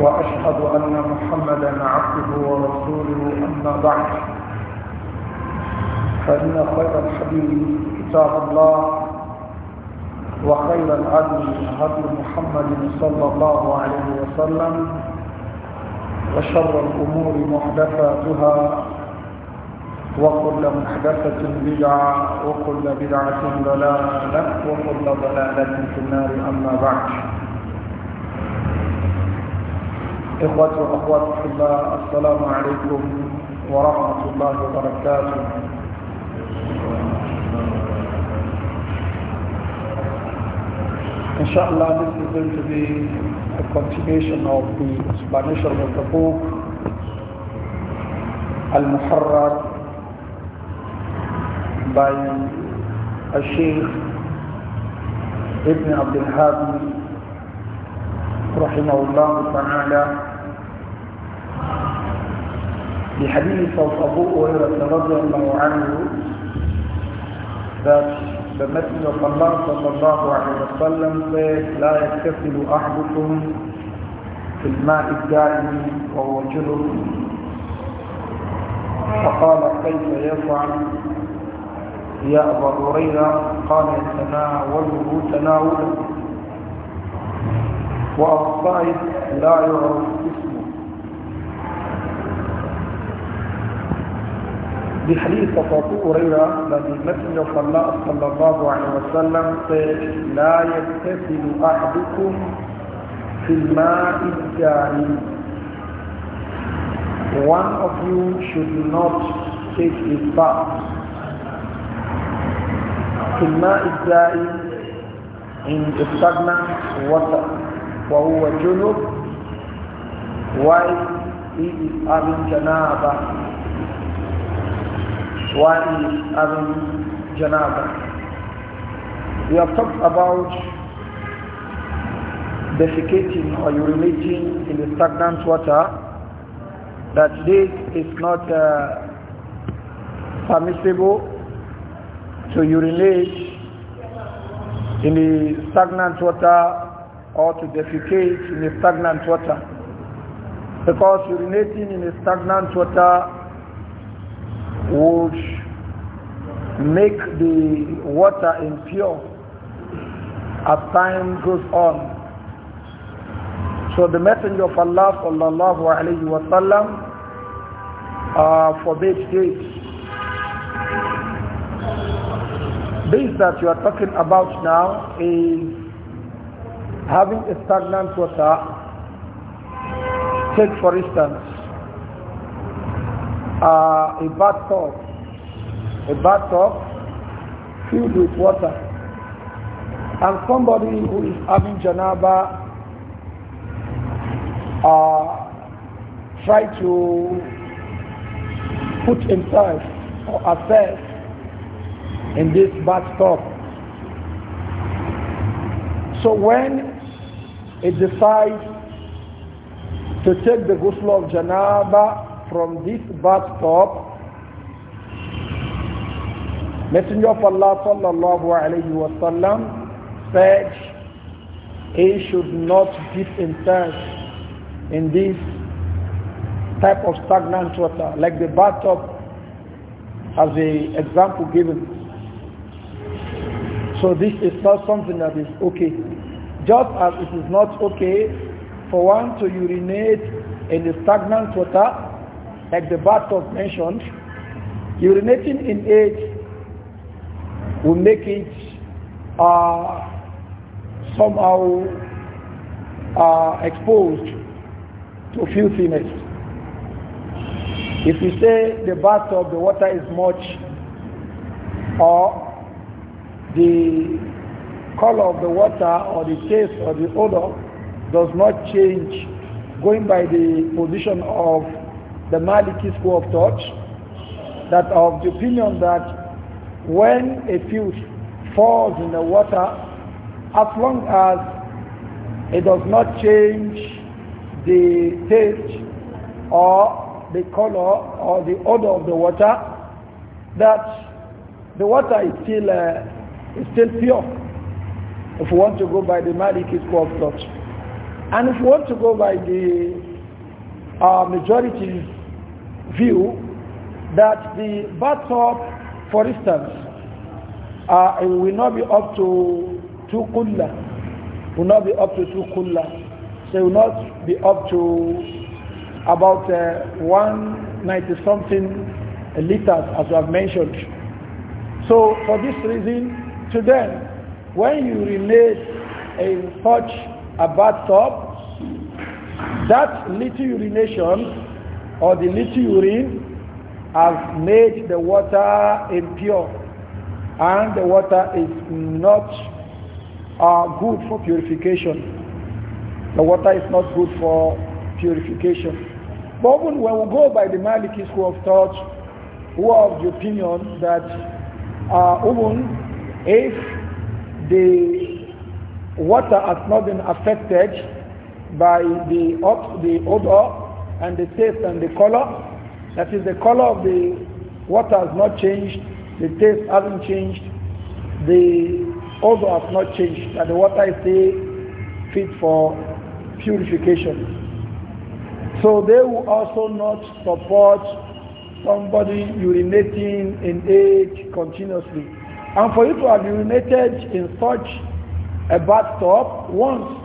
وأشهد أن محمدا عبده ورسوله أما بعد فإن خير الحديث كتاب الله وخير العدل هدي محمد صلى الله عليه وسلم وشر الأمور محدثاتها وكل محدثة بدعة وكل بدعة ضلالة وكل ضلالة في النار أما بعد إخوتي وأخواتي في الله السلام عليكم ورحمة الله وبركاته إن شاء الله this is going to be a continuation of the Spanish of the book المحرر by الشيخ ابن عبد الهادي رحمه الله تعالى في حديث أبو هريره رضي الله عنه ذات بمثل صلى الله عليه وسلم لا يكتفل أحدكم في الماء الدائم وهو جلد فقال كيف يفعل يا أبا هريرة قال يتناوله تناوله وأصائب لا يعرف بحديث أبو هريرة الذي مثل صلى صلى الله عليه وسلم لا يغتسل أحدكم في الماء الجاري One of you should not take his bath في الماء الجاري in the stagnant water وهو جنوب while he is having janaba while he is having janaba. We have talked about defecating or urinating in the stagnant water that this is not uh, permissible to urinate in the stagnant water or to defecate in the stagnant water because urinating in the stagnant water would make the water impure as time goes on. So the Messenger of Allah sallallahu alayhi wa sallam uh, forbade this. This that you are talking about now is having a stagnant water. Take for instance, uh, a bathtub, a bathtub filled with water, and somebody who is having janaba uh, try to put himself or herself in this bathtub. So when it decides to take the ghusl of janaba from this bathtub, Messenger of Allah sallallahu alayhi wa sallam said he should not dip himself in this type of stagnant water, like the bathtub as the example given. So this is not something that is okay. Just as it is not okay for one to urinate in the stagnant water, like the bathtub mentioned, urinating in it will make it uh, somehow uh, exposed to filthiness. If you say the bathtub, the water is much, or the color of the water, or the taste, or the odor does not change going by the position of the Maliki school of thought that are of the opinion that when a fuel falls in the water, as long as it does not change the taste or the color or the odor of the water, that the water is still, uh, is still pure if we want to go by the Maliki school of thought. And if we want to go by the uh, majority view that the bathtub, for instance, uh, will not be up to two kulla, will not be up to two kulla, so will not be up to about uh, 190 something liters as I've mentioned. So for this reason, to them, when you relate in such a bathtub, that little urination or the little urine has made the water impure and the water is not uh, good for purification. The water is not good for purification. But when we go by the Maliki school of thought, who are of the opinion that uh, even if the water has not been affected by the, the odor and the taste and the color. That is, the color of the water has not changed, the taste hasn't changed, the odor has not changed, That the water is still fit for purification. So they will also not support somebody urinating in age continuously. And for you to have urinated in such a bathtub once,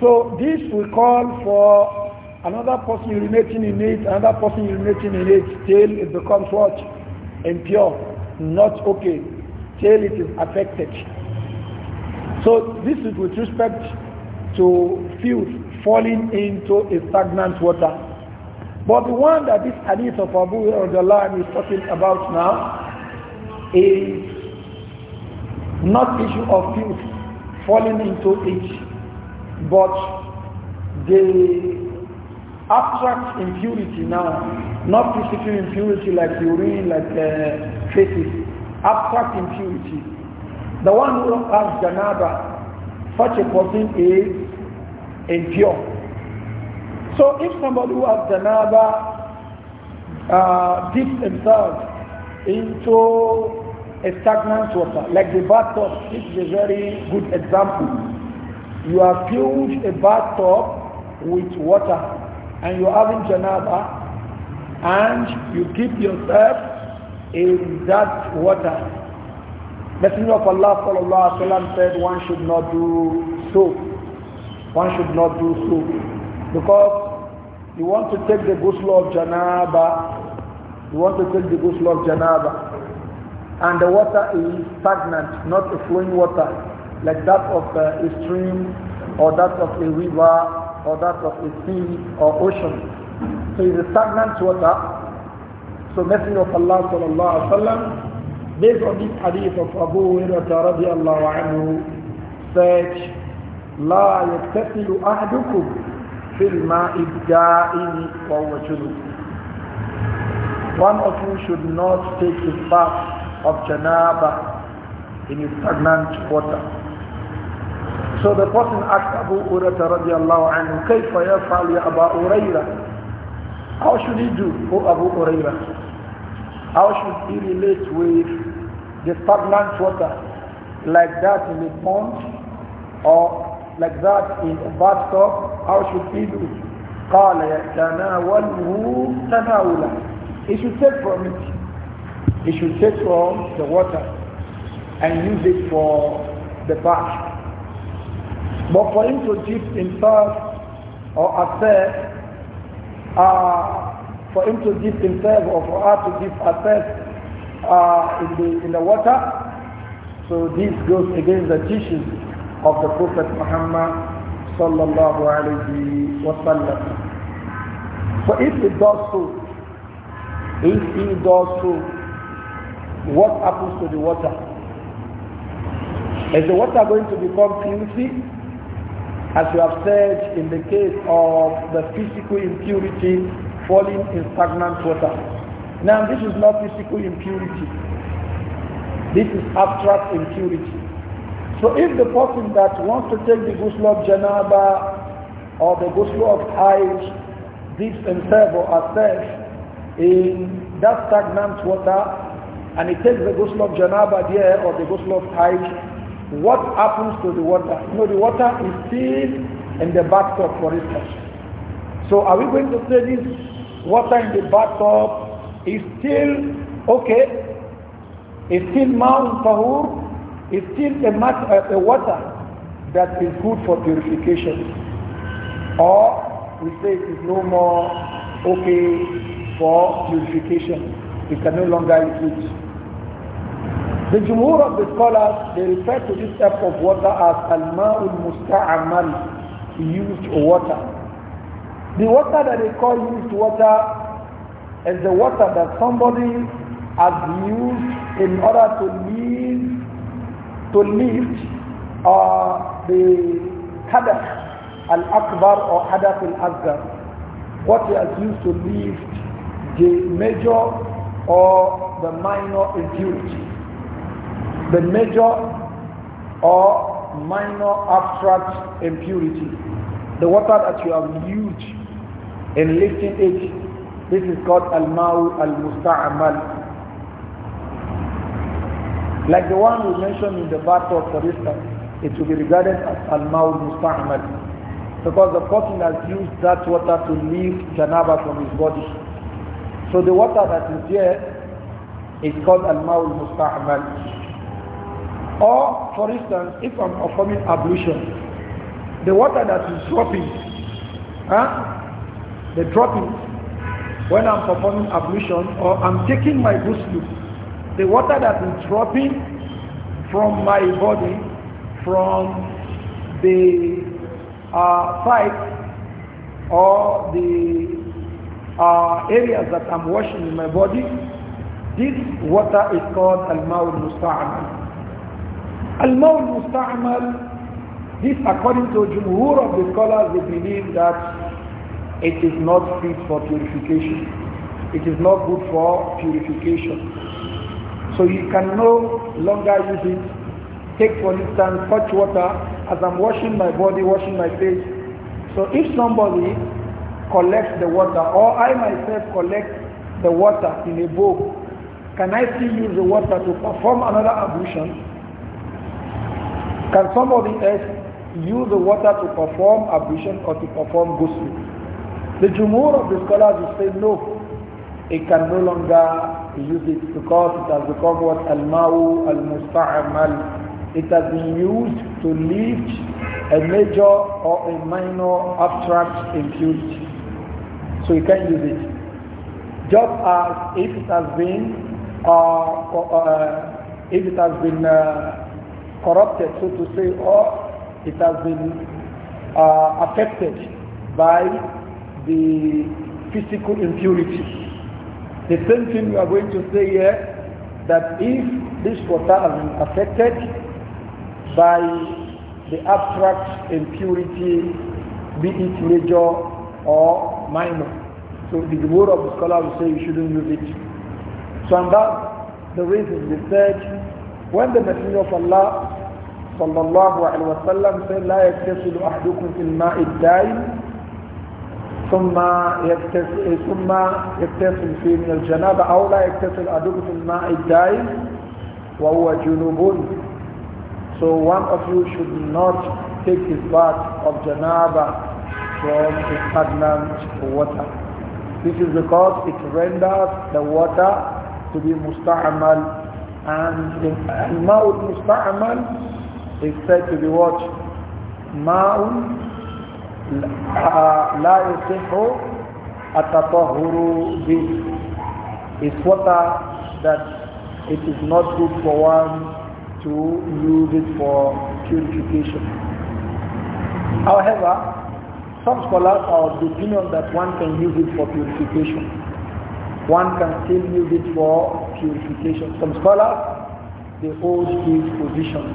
so this will call for another person urinating in it, another person urinating in it, till it becomes what? Impure, not okay, till it is affected. So this is with respect to filth falling into a stagnant water. But the one that this hadith of Abu Hurairah is talking about now is not issue of filth falling into it, but the abstract impurity now, not physical impurity like urine, like uh, abstract impurity. The one who has janaba, such a person is impure. So if somebody who has janaba uh, dips himself into a stagnant water, like the bathtub, this is a very good example. You have filled a bathtub with water and you're having janaba and you keep yourself in that water. Messenger of Allah sallallahu alaihi said one should not do so. One should not do so because you want to take the ghusl of janaba. You want to take the ghusl of janaba, and the water is stagnant, not flowing water like that of uh, a stream or that of a river or that of a sea or ocean. So it's a stagnant water. So Messenger of Allah sallallahu alaihi wasallam, based on this hadith of Abu Hurairah radiallahu anhu, said, لا يكتسل أحدكم في الماء الدائم وهو جنوب. One of you should not take his bath of janaba in stagnant water. So the person asked Abu Urata radiallahu anhu, كيف يفعل يا أبا Urayra? How should he do, O Abu Urayra? How should he relate with the stagnant water like that in the pond or like that in a bathtub? How should he do? قال يتناوله تناولا He should take from it. He should take from the water and use it for the bath. But for him to give himself or access, uh, for him to dip himself or for her to give access uh, in, the, in the water, so this goes against the teachings of the Prophet Muhammad sallallahu alayhi wa sallam. So if he does so, if he does so, what happens to the water? Is the water going to become filthy? As you have said in the case of the physical impurity falling in stagnant water. Now this is not physical impurity. This is abstract impurity. So if the person that wants to take the ghusl of janaba or the ghusl of hajj dips himself or herself in that stagnant water and he takes the ghusl of janaba there or the ghusl of hajj, what happens to the water? You know, the water is still in the bathtub, for instance. So are we going to say this water in the bathtub is still okay? It's still Mount Tahur? It's still a, a water that is good for purification. Or we say it is no more okay for purification. It can no longer use it. The jumhur of the scholars, they refer to this type of water as al-ma'ul musta'amal, used water. The water that they call used water is the water that somebody has used in order to live, to lift uh, the hadath al-akbar or hadath al azgar What he has used to lift the major or the minor impurity the major or minor abstract impurity. The water that you have used in lifting it, this is called al-ma'u al-musta'amal. Like the one we mentioned in the bathtub, for instance, it will be regarded as al-ma'u al-musta'amal because the person has used that water to lift janaba from his body. So the water that is there is called al-ma'u al-musta'amal. Or, for instance, if I'm performing ablution, the water that is dropping, huh? the dropping, when I'm performing ablution or I'm taking my ghusl, the water that is dropping from my body, from the uh, or the uh, areas that I'm washing in my body, this water is called al-ma'ul musta'amal. Al-Mawl Musta'mal, this according to Jumhur of the scholars, they believe that it is not fit for purification. It is not good for purification. So you can no longer use it. Take for instance hot water as I'm washing my body, washing my face. So if somebody collects the water or I myself collect the water in a bowl, can I still use the water to perform another ablution? Can somebody else use the water to perform ablution or to perform ghusl? The jumur of the scholars will say no, it can no longer use it because it has become what al-ma'u al-musta'amal. It has been used to lift a major or a minor abstract impurity. So you can use it. Just as if it has been, uh, uh, if it has been uh, corrupted, so to say, or it has been uh, affected by the physical impurity. The same thing we are going to say here, that if this water has been affected by the abstract impurity, be it major or minor. So the word of the scholar will say you shouldn't use it. So and that's the reason we said when the Messenger of Allah sallallahu alaihi wasallam said, لا يكتسل أحدكم في الماء الدائم ثم يكتسل ثم يكتسل فيه من الجنابة أو لا يكتسل أحدكم في الماء الدائم وهو جنوب. So one of you should not take his bath of janaba from the stagnant water. This is because it renders the water to be musta'amal and in Ma'ul Musta'aman is said to be what? Ma'ul uh, La Yusihu Atatahuru Bih. It's water that it is not good for one to use it for purification. However, some scholars are of the opinion that one can use it for purification. One can still use it for purification. Some scholars, they hold this position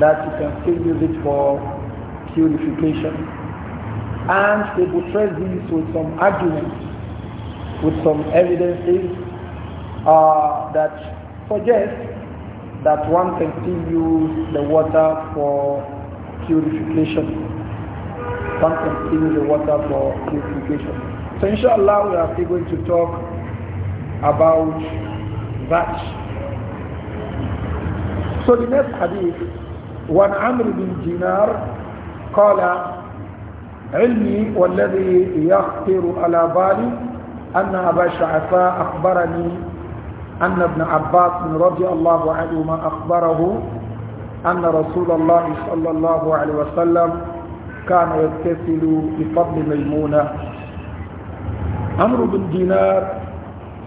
that you can still use it for purification. And they buttress this with some arguments, with some evidences uh, that suggest that one can still use the water for purification. One can still use the water for purification. So inshallah we are still going to talk about ينفعش So the next عمرو بن Amr قال علمي والذي يخطر على بالي أن أبا شعفاء أخبرني أن ابن عباس رضي الله عنهما أخبره أن رسول الله صلى الله عليه وسلم كان يتصل بفضل ميمونة عمرو بن دينار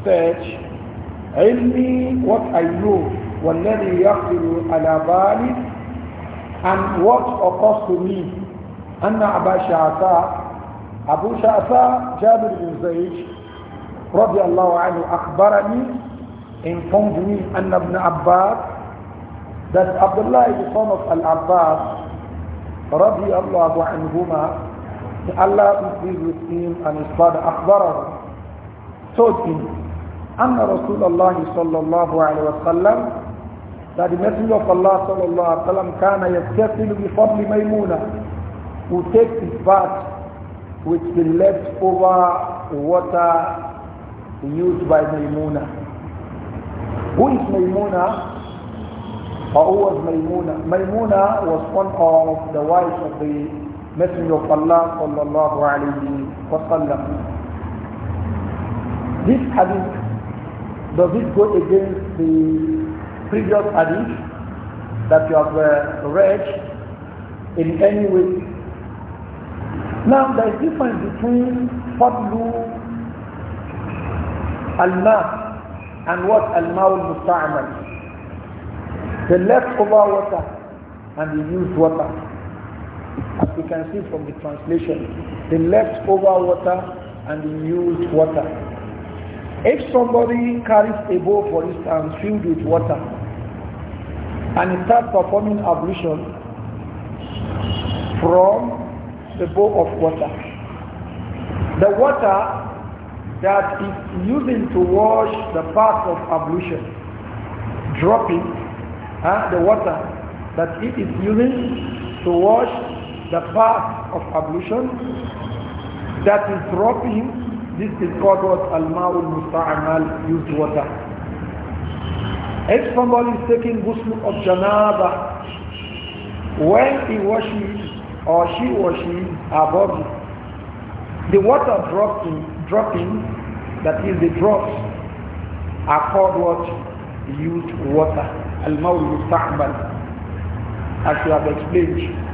said علمي وأيو والذي يقدر على بالي and what occurs to me أن أبا شعفاء أبو شعفاء جابر بن زيد رضي الله عنه أخبرني informed me أن ابن عباس that عبد الله is son of العباس رضي الله عنهما الله is pleased with him and his father أخبره told him أن رسول الله صلى الله عليه وسلم that the messenger of Allah صلى الله عليه وسلم كان يغتسل بفضل ميمونة who takes his bath with the leftover water used by Maimuna. Who is Maimuna? Or who was Maimuna? Maimuna was one of the wives of the Messenger of Allah sallallahu alayhi wa sallam. This hadith does it go against the previous hadith that you have uh, read in any way? Now there is difference between fadlu al-ma and what al-ma al-musta'mal. The leftover water and the used water. As you can see from the translation, the leftover water and the used water. If somebody carries a bowl, for instance, filled with water, and he starts performing ablution from the bowl of water, the water that is using to wash the part of ablution, dropping the water that it is using to wash the part of ablution that is dropping this is called what al-ma'ul musta'amal, used water. If somebody is taking ghusl of janaba, when he washes or she washes her body, the water dropping, dropping, that is the drops, are called what? Used water. Al-ma'ul musta'amal. As we have explained.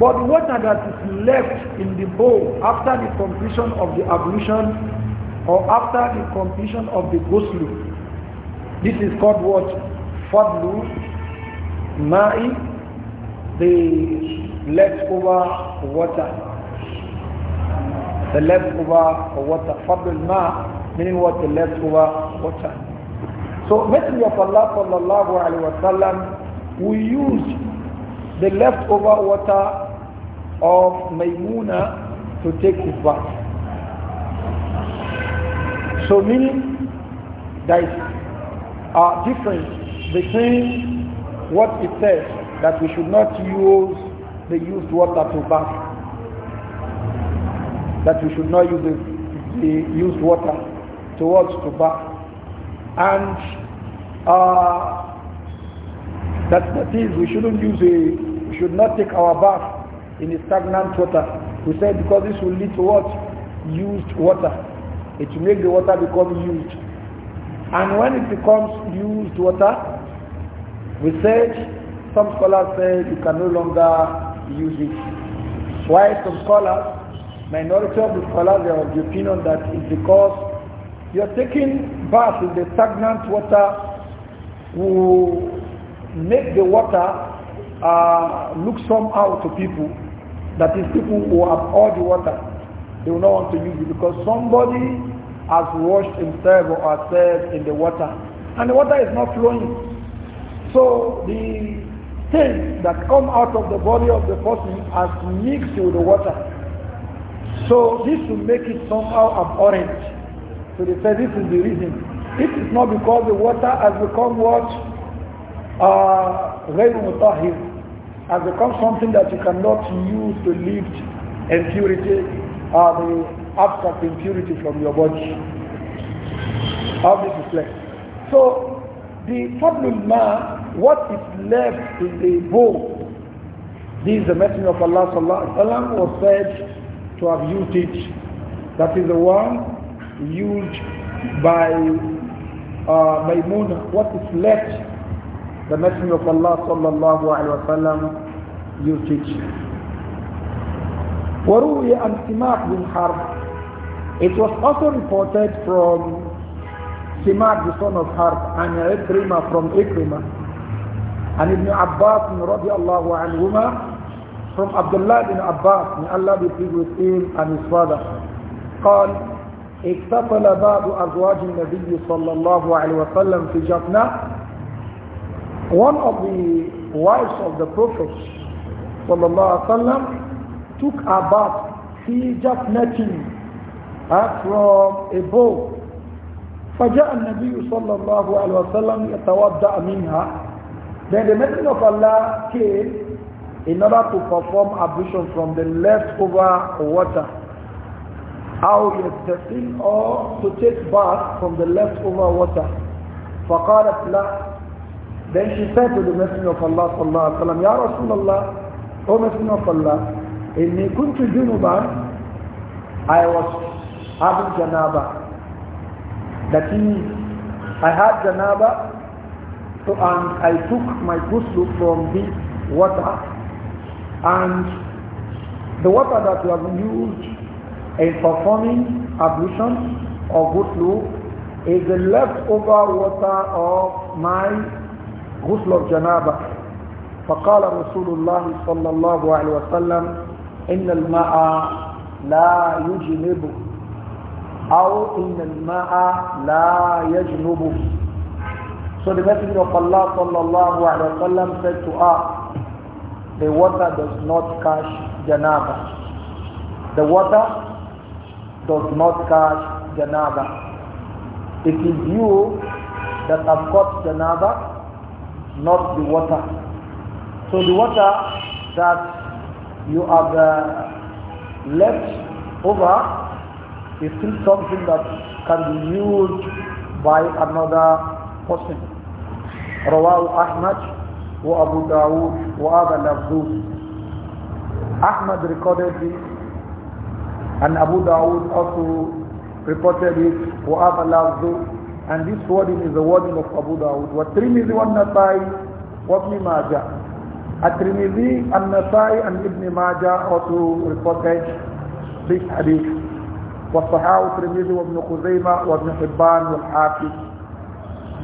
But the water that is left in the bowl after the completion of the ablution or after the completion of the ghusl, this is called what? Fadlu, ma'i, the leftover water. The leftover water. Fadlu ma, meaning what? The leftover water. So Messenger of Allah sallallahu alayhi wa sallam, we use the leftover water of Maimuna to take his bath. So meaning there is a difference between what it says that we should not use the used water to bath, that we should not use the, the used water towards to bath, and uh, that, that is we shouldn't use a, we should not take our bath in a stagnant water. We said because this will lead to what? Used water. It will make the water become used. And when it becomes used water, we said, some scholars said you can no longer use it. Why some scholars, minority of the scholars are of the opinion that it's because you're taking bath in the stagnant water will make the water uh, look somehow to people that is people who have all the water, they will not want to use it because somebody has washed himself or herself in the water and the water is not flowing. So the things that come out of the body of the person has mixed with the water. So this will make it somehow abhorrent. So they say this is the reason. It is not because the water has become what? Uh, غير مطهر has become something that you cannot use to lift impurity or uh, the abstract impurity from your body. How this is left. So the problem now, what is left in the bowl, this the message of Allah sallallahu wa wasallam was said to have used it. That is the one used by uh, Maimuna. What is left the Messenger of Allah sallallahu it. It was also reported from Simak the son of Harb and Ikrimah from Ikrimah and Ibn Abbas radiallahu anhuma from Abdullah bin Abbas may Allah be pleased with him and his father قال اكتفل بعض أزواج النبي صلى الله عليه وسلم في جفنة one of the wives of the Prophet وسلم, took a bath, she just netting uh, from a bowl. فجاء النبي صلى الله عليه وسلم يتوضأ منها Then the Messenger of Allah came in order to perform ablution from the leftover water. How يستفيد or to take bath from the leftover water. فقالت لا then she said to the Messenger of Allah sallallahu alaihi wasallam, Ya Rasulullah, O Messenger of Allah, inni kuntu junuban, I was having janaba. That is, I had janaba, so, and I took my ghusl from this water, and the water that was used in performing ablution or ghusl is the leftover water of my غسل الجنابة فقال رسول الله صلى الله عليه وسلم إن الماء لا يجنب أو إن الماء لا يجنب So the Messenger of Allah sallallahu alayhi wa sallam said to us, the water does not catch janaba. The water does not catch janaba. It is you that have caught janaba not the water. So the water that you have uh, left over is still something that can be used by another person. رواه أحمد وأبو داود وأبا لفظوس Ahmad recorded this and Abu Dawood also reported it and this wording is the wording of Abu Dawud. والترمذي wa وَالنَّسَائِ وَابْنِ مَاجَةِ At-Tirmidhi, An-Nasai and Ibn Majah also reported this hadith. وَالصَّحَاءُ wa وَابْنُ خُزَيْمَةِ وَابْنُ Al وَالْحَافِظِ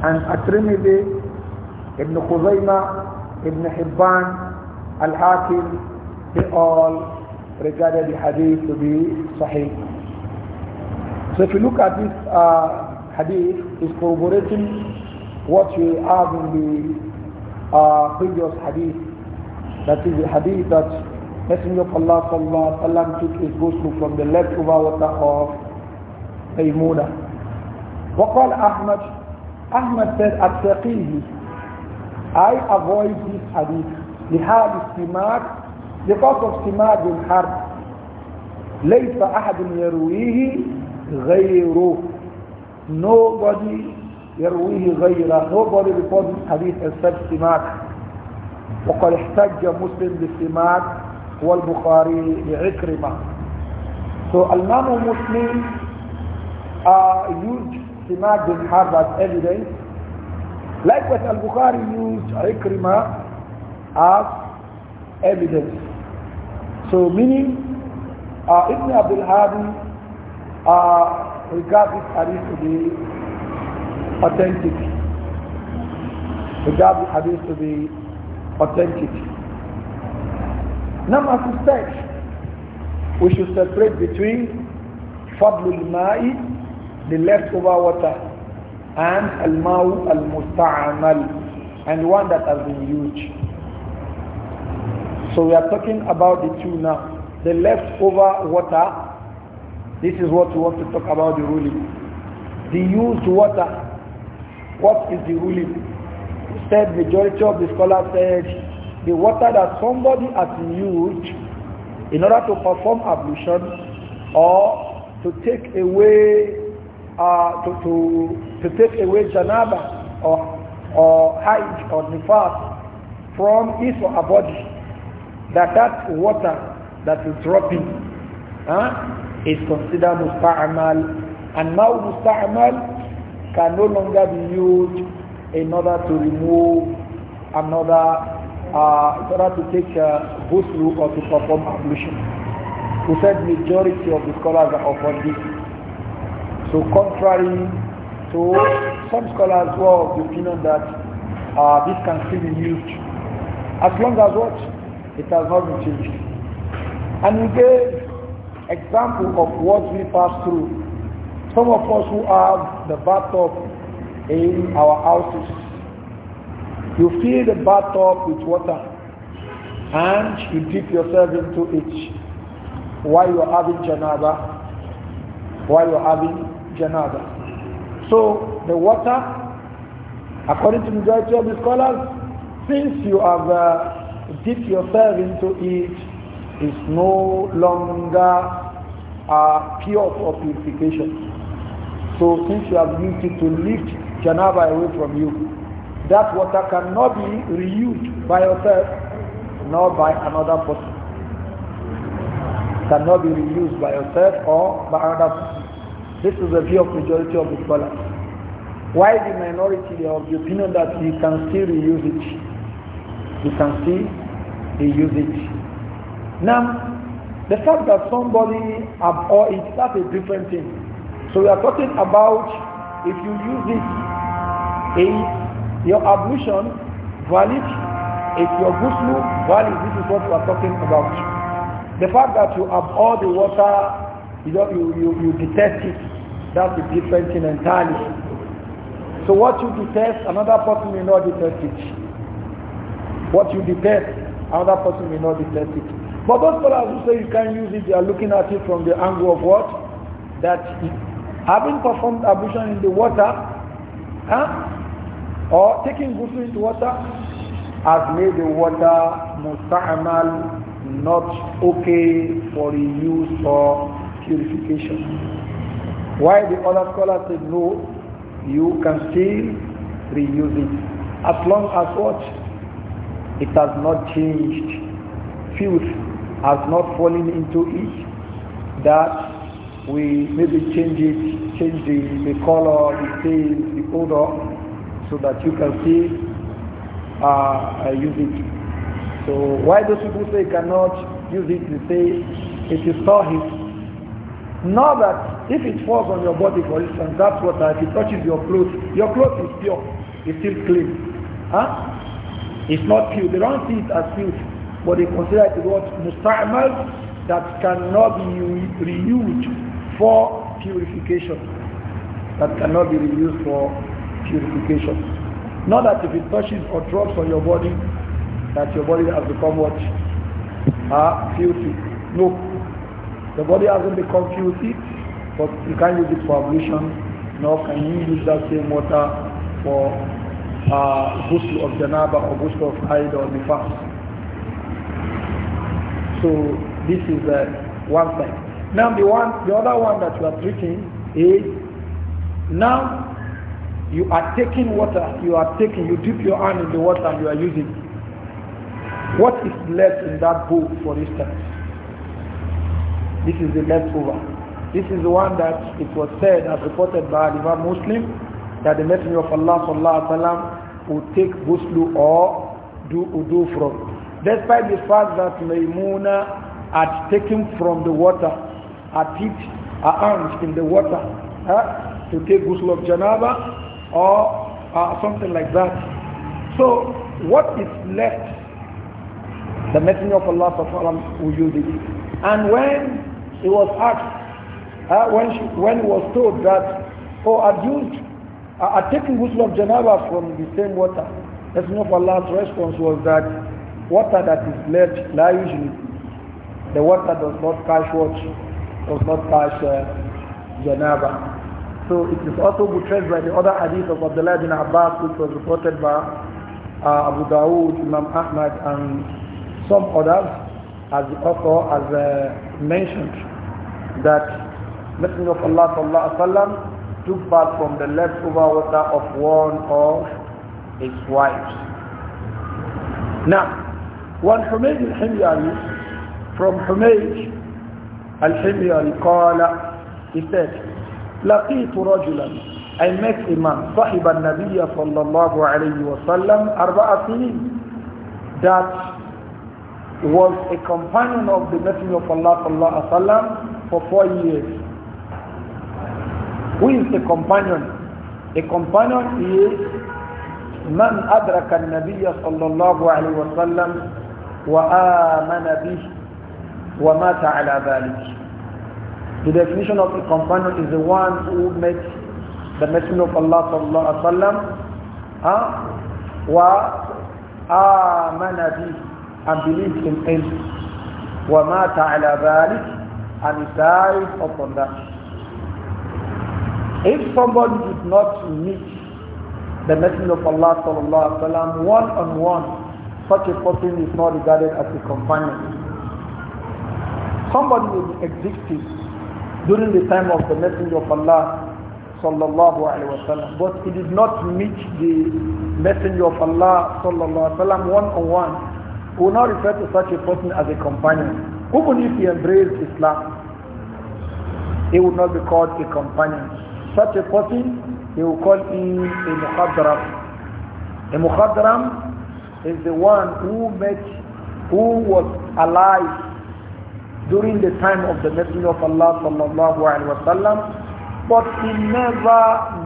And At-Tirmidhi, Ibn Khuzaimah, Ibn Hibban, Al-Hakim, they all regarded the hadith to be sahih. So if you look at this uh, hadith is corroborating what we have in the uh, previous hadith. That is the hadith that Messenger of Allah sallallahu alayhi wa sallam took his ghost from the leftover water of Aymuna. وقال أحمد أحمد said at أتقيه I avoid this hadith the لهذا السماك because of سماك الحرب ليس أحد يرويه غيره Nobody يرويه غيره nobody reports this hadith except سماك وقال احتج مسلم بسماك والبخاري لعكرمة So Al-Mamu uh, used سماك بن حرب as evidence. Likewise Al-Bukhari used Ikrima as evidence. So meaning uh, Ibn Abdul Hadi uh, regard this hadith to be authentic. Regard this hadith to be authentic. Number two said, we should separate between Fadlul Ma'i, the leftover water, and Al-Ma'u Al-Musta'amal, and one that has been used. So we are talking about the two now. The leftover water this is what we want to talk about the ruling. The used water, what is the ruling? said majority of the scholars said the water that somebody has used in order to perform ablution or to take away uh, to, to, to take away janaba or, or hajj or nifas from his or her body that that water that is dropping huh, is considered musta'mal and now musta'mal can no longer be used in order to remove another uh, in order to take uh, ghusl or to perform ablution. We said majority of the scholars are upon this. So contrary to some scholars who are of the opinion that uh, this can still be used as long as what? It has not been changed. And we gave example of what we pass through. Some of us who have the bathtub in our houses, you fill the bathtub with water and you dip yourself into it while you are having janaba, while you are having janaba. So the water, according to majority of the scholars, since you have uh, dipped yourself into it, is no longer uh, pure for purification. So since you have used it to lift Janaba away from you, that water cannot be reused by yourself nor by another person. Cannot be reused by yourself or by another person. This is the view of majority of the scholars. Why the minority of the opinion that you can still reuse it? You can still reuse it. Now, the fact that somebody abhor it, that's a different thing. So we are talking about if you use it, a, your ablution valid, if your ghusl valid, this is what we are talking about. The fact that you all the water, you, know, you, you, you detest it, that's a different thing entirely. So what you detest, another person may not detest it. What you detest, another person may not detest it. But those scholars who say you can't use it, they are looking at it from the angle of what? That having performed ablution in the water, huh? or taking ghusl into water, has made the water musta'amal, not okay for use for purification. Why the other scholars said no, you can still reuse it. As long as what? It has not changed filth has not fallen into it, that we maybe change it, change the, the color, the taste, the odor, so that you can see, uh, uh use it. So why those people say cannot use it, they say it is sahih. Know that if it falls on your body, for instance, that's what if it touches your clothes, your clothes is pure, it's still clean. Huh? It's not pure. They don't see it as pure but they consider it what musta'mal that cannot be reused for purification. That cannot be reused for purification. Not that if it touches or drops on your body, that your body has become what? Ah, filthy. No. The body hasn't become filthy, but you can't use it for ablution, nor can you use that same water for uh, ghusl of janaba or ghusl of hide or nifas. So this is uh, one thing. Now the one, the other one that you are treating is now you are taking water, you are taking, you dip your hand in the water and you are using. What is left in that bowl, for instance? This is the leftover. This is the one that it was said as reported by Imam Muslim that the Messenger of Allah sallallahu alaihi wasallam would take buslu or do udu from Despite the fact that Maimuna had taken from the water, had dipped her hands in the water huh, to take ghusl of janaba or uh, something like that. So what is left, the Messenger of Allah Subhanahu will And when he was asked, uh, when, she, when he was told that, oh, I've used, i uh, taken ghusl of janaba from the same water, Messenger of Allah's response was that water that is left la usually the water does not catch what does not catch uh, janaba so it is also buttressed by the other hadith of Abdullah bin Abbas which was reported by uh, Abu Dawood, Imam Ahmad and some others as the author has uh, mentioned that Messenger of Allah sallallahu alaihi wasallam took bath from the leftover water of one of his wives. Now وعن حميد الحمياري from حميد الحمياري قال he said لقيت رجلا I met a man صاحب النبي صلى الله عليه وسلم أربع سنين that was a companion of the Messenger of Allah sallallahu alaihi wasallam for four years. Who is the companion? The companion is من أدرك النبي صلى الله عليه وسلم وآمن به ومات على ذلك The definition of a companion is the one who met the Messenger of Allah sallallahu alaihi wasallam huh? وآمن به and believed in him ومات على ذلك and he died upon that. If somebody did not meet the Messenger of Allah sallallahu alaihi wasallam one on one such a person is not regarded as a companion. Somebody will be existed during the time of the Messenger of Allah sallallahu alaihi wasallam, but he did not meet the Messenger of Allah sallallahu alaihi wasallam one on one. We will not refer to such a person as a companion, even if he embraced Islam. He would not be called a companion. Such a person, he will call him a muhadram. A muhadram is the one who met, who was alive during the time of the Messenger of Allah sallallahu alaihi wasallam, but he never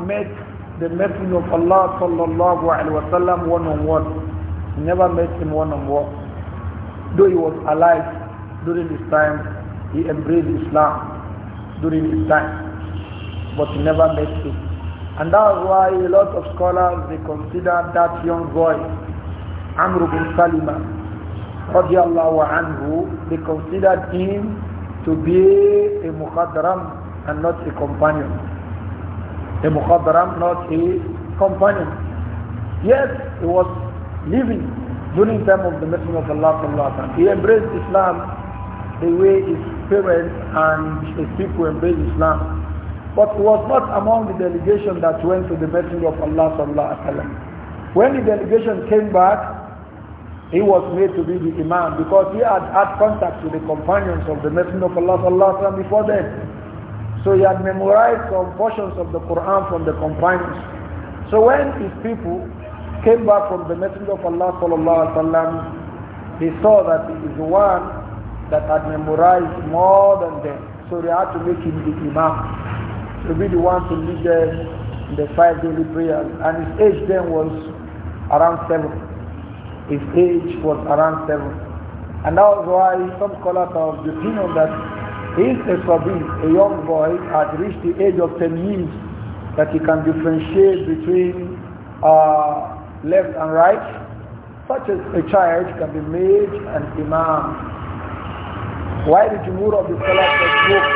met the Messenger of Allah sallallahu alaihi wasallam one on one. He never met him one on one. Though he was alive during his time, he embraced Islam during his time, but he never met him. And that's why a lot of scholars they consider that young boy Amr ibn Salima radiallahu anhu, they considered him to be a mukhadram and not a companion. A mukhadram, not a companion. Yes, he was living during time of the Messenger of Allah sallallahu He embraced Islam the way his parents and his people embraced Islam. But he was not among the delegation that went to the Messenger of Allah sallallahu When the delegation came back, he was made to be the imam because he had had contact with the companions of the Messenger of Allah sallallahu before them. So he had memorized some portions of the Quran from the companions. So when his people came back from the Messenger of Allah sallallahu he saw that he is the one that had memorized more than them. So they had to make him the imam. To be the one to lead them in the five daily prayers. And his age then was around seven. His age was around seven. And that was why some scholars are of the opinion that if a a young boy, had reached the age of 10 years, that he can differentiate between uh, left and right, such as a child can be made an imam. Why did you move of the scholars of book?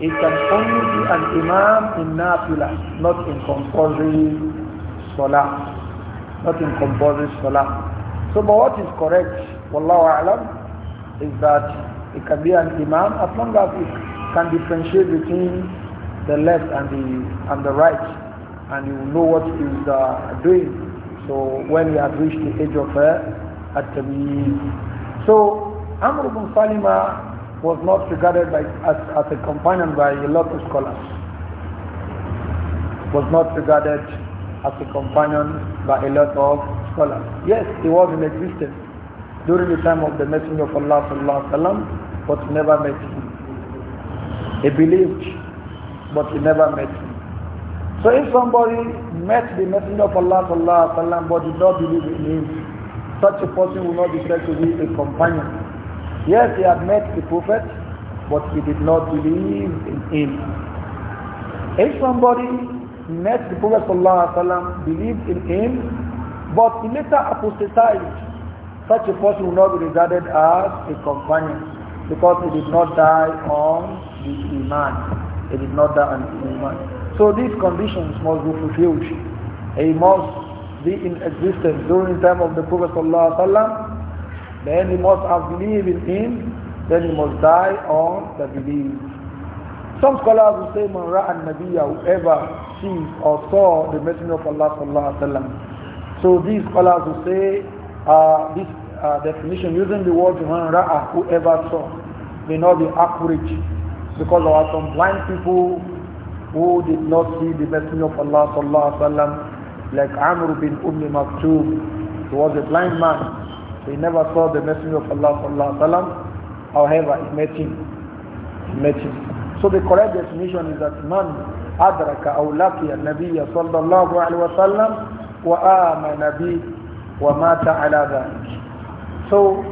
It can only be an imam in nafila, not in compulsory salah not in composing salah. So but what is correct, wallahu alam, is that it can be an imam as long as it can differentiate between the left and the and the right and you know what is uh, doing. So when he has reached the age of uh, at the. So Amr ibn Salima was not regarded by, as, as a companion by a lot of scholars. Was not regarded as a companion by a lot of scholars. Yes, he was in existence during the time of the Messenger of Allah sallallahu alaihi wasallam, but never met him. He believed, but he never met him. So if somebody met the Messenger of Allah sallallahu alaihi wasallam but did not believe in him, such a person will not be said to be a companion. Yes, he had met the Prophet, but he did not believe in him. If somebody met the Prophet ﷺ, believed in him, but he later apostatized. Such a person will not be regarded as a companion because he did not die on the Iman. He did not die on the Iman. So these conditions must be fulfilled. He must be in existence during the time of the Prophet ﷺ. Then he must have believed in him. Then he must die on the belief. Some scholars will say, Man ra'an nabiyya, whoever sees or saw the Messenger of Allah sallallahu alaihi wasallam. So these scholars will say, uh, this uh, definition using the word man ra'a, whoever saw, may not be accurate because there are some blind people who did not see the Messenger of Allah sallallahu alaihi wasallam, like Amr bin Ummi Maktoum. He was a blind man. He never saw the Messenger of Allah sallallahu alaihi wasallam. However, he met him. He met him. So the correct definition is that man adraka aw laqiya an-nabiy sallallahu alaihi wasallam wa amana bi wa mata ala dhalik. So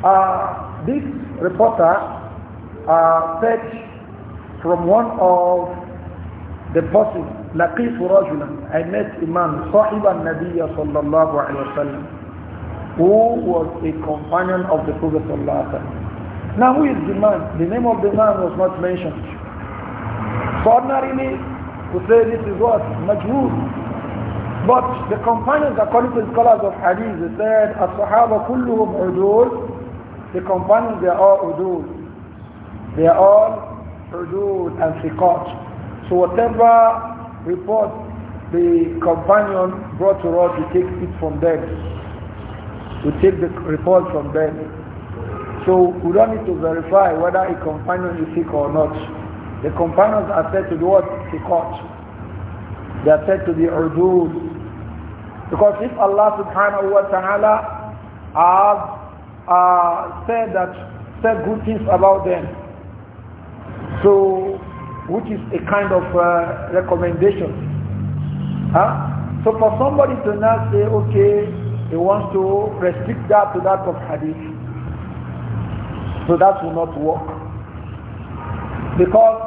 uh, this reporter uh, said from one of the bosses, لقيت رجلا I met a man صاحب النبي sallallahu alaihi wasallam, who was a companion of the Prophet sallallahu alaihi wasallam. Now who is the man? The name of the man was not mentioned. So ordinarily, we say this is what? Majhul. But the companions, according to the scholars of hadith, they said, As-Sahaba kulluhum udul. The companions, they are all udul. They are all udul and thiqat. So whatever report the companion brought to us, we take it from them. We take the report from them. So we don't need to verify whether a companion is sick or not. The companions are said to do what? Sikat. They are said to be urdud. Because if Allah subhanahu wa ta'ala has uh, said that said good things about them, so which is a kind of uh, recommendation. Huh? So for somebody to now say, okay, he wants to restrict that to that of hadith, so that will not work. Because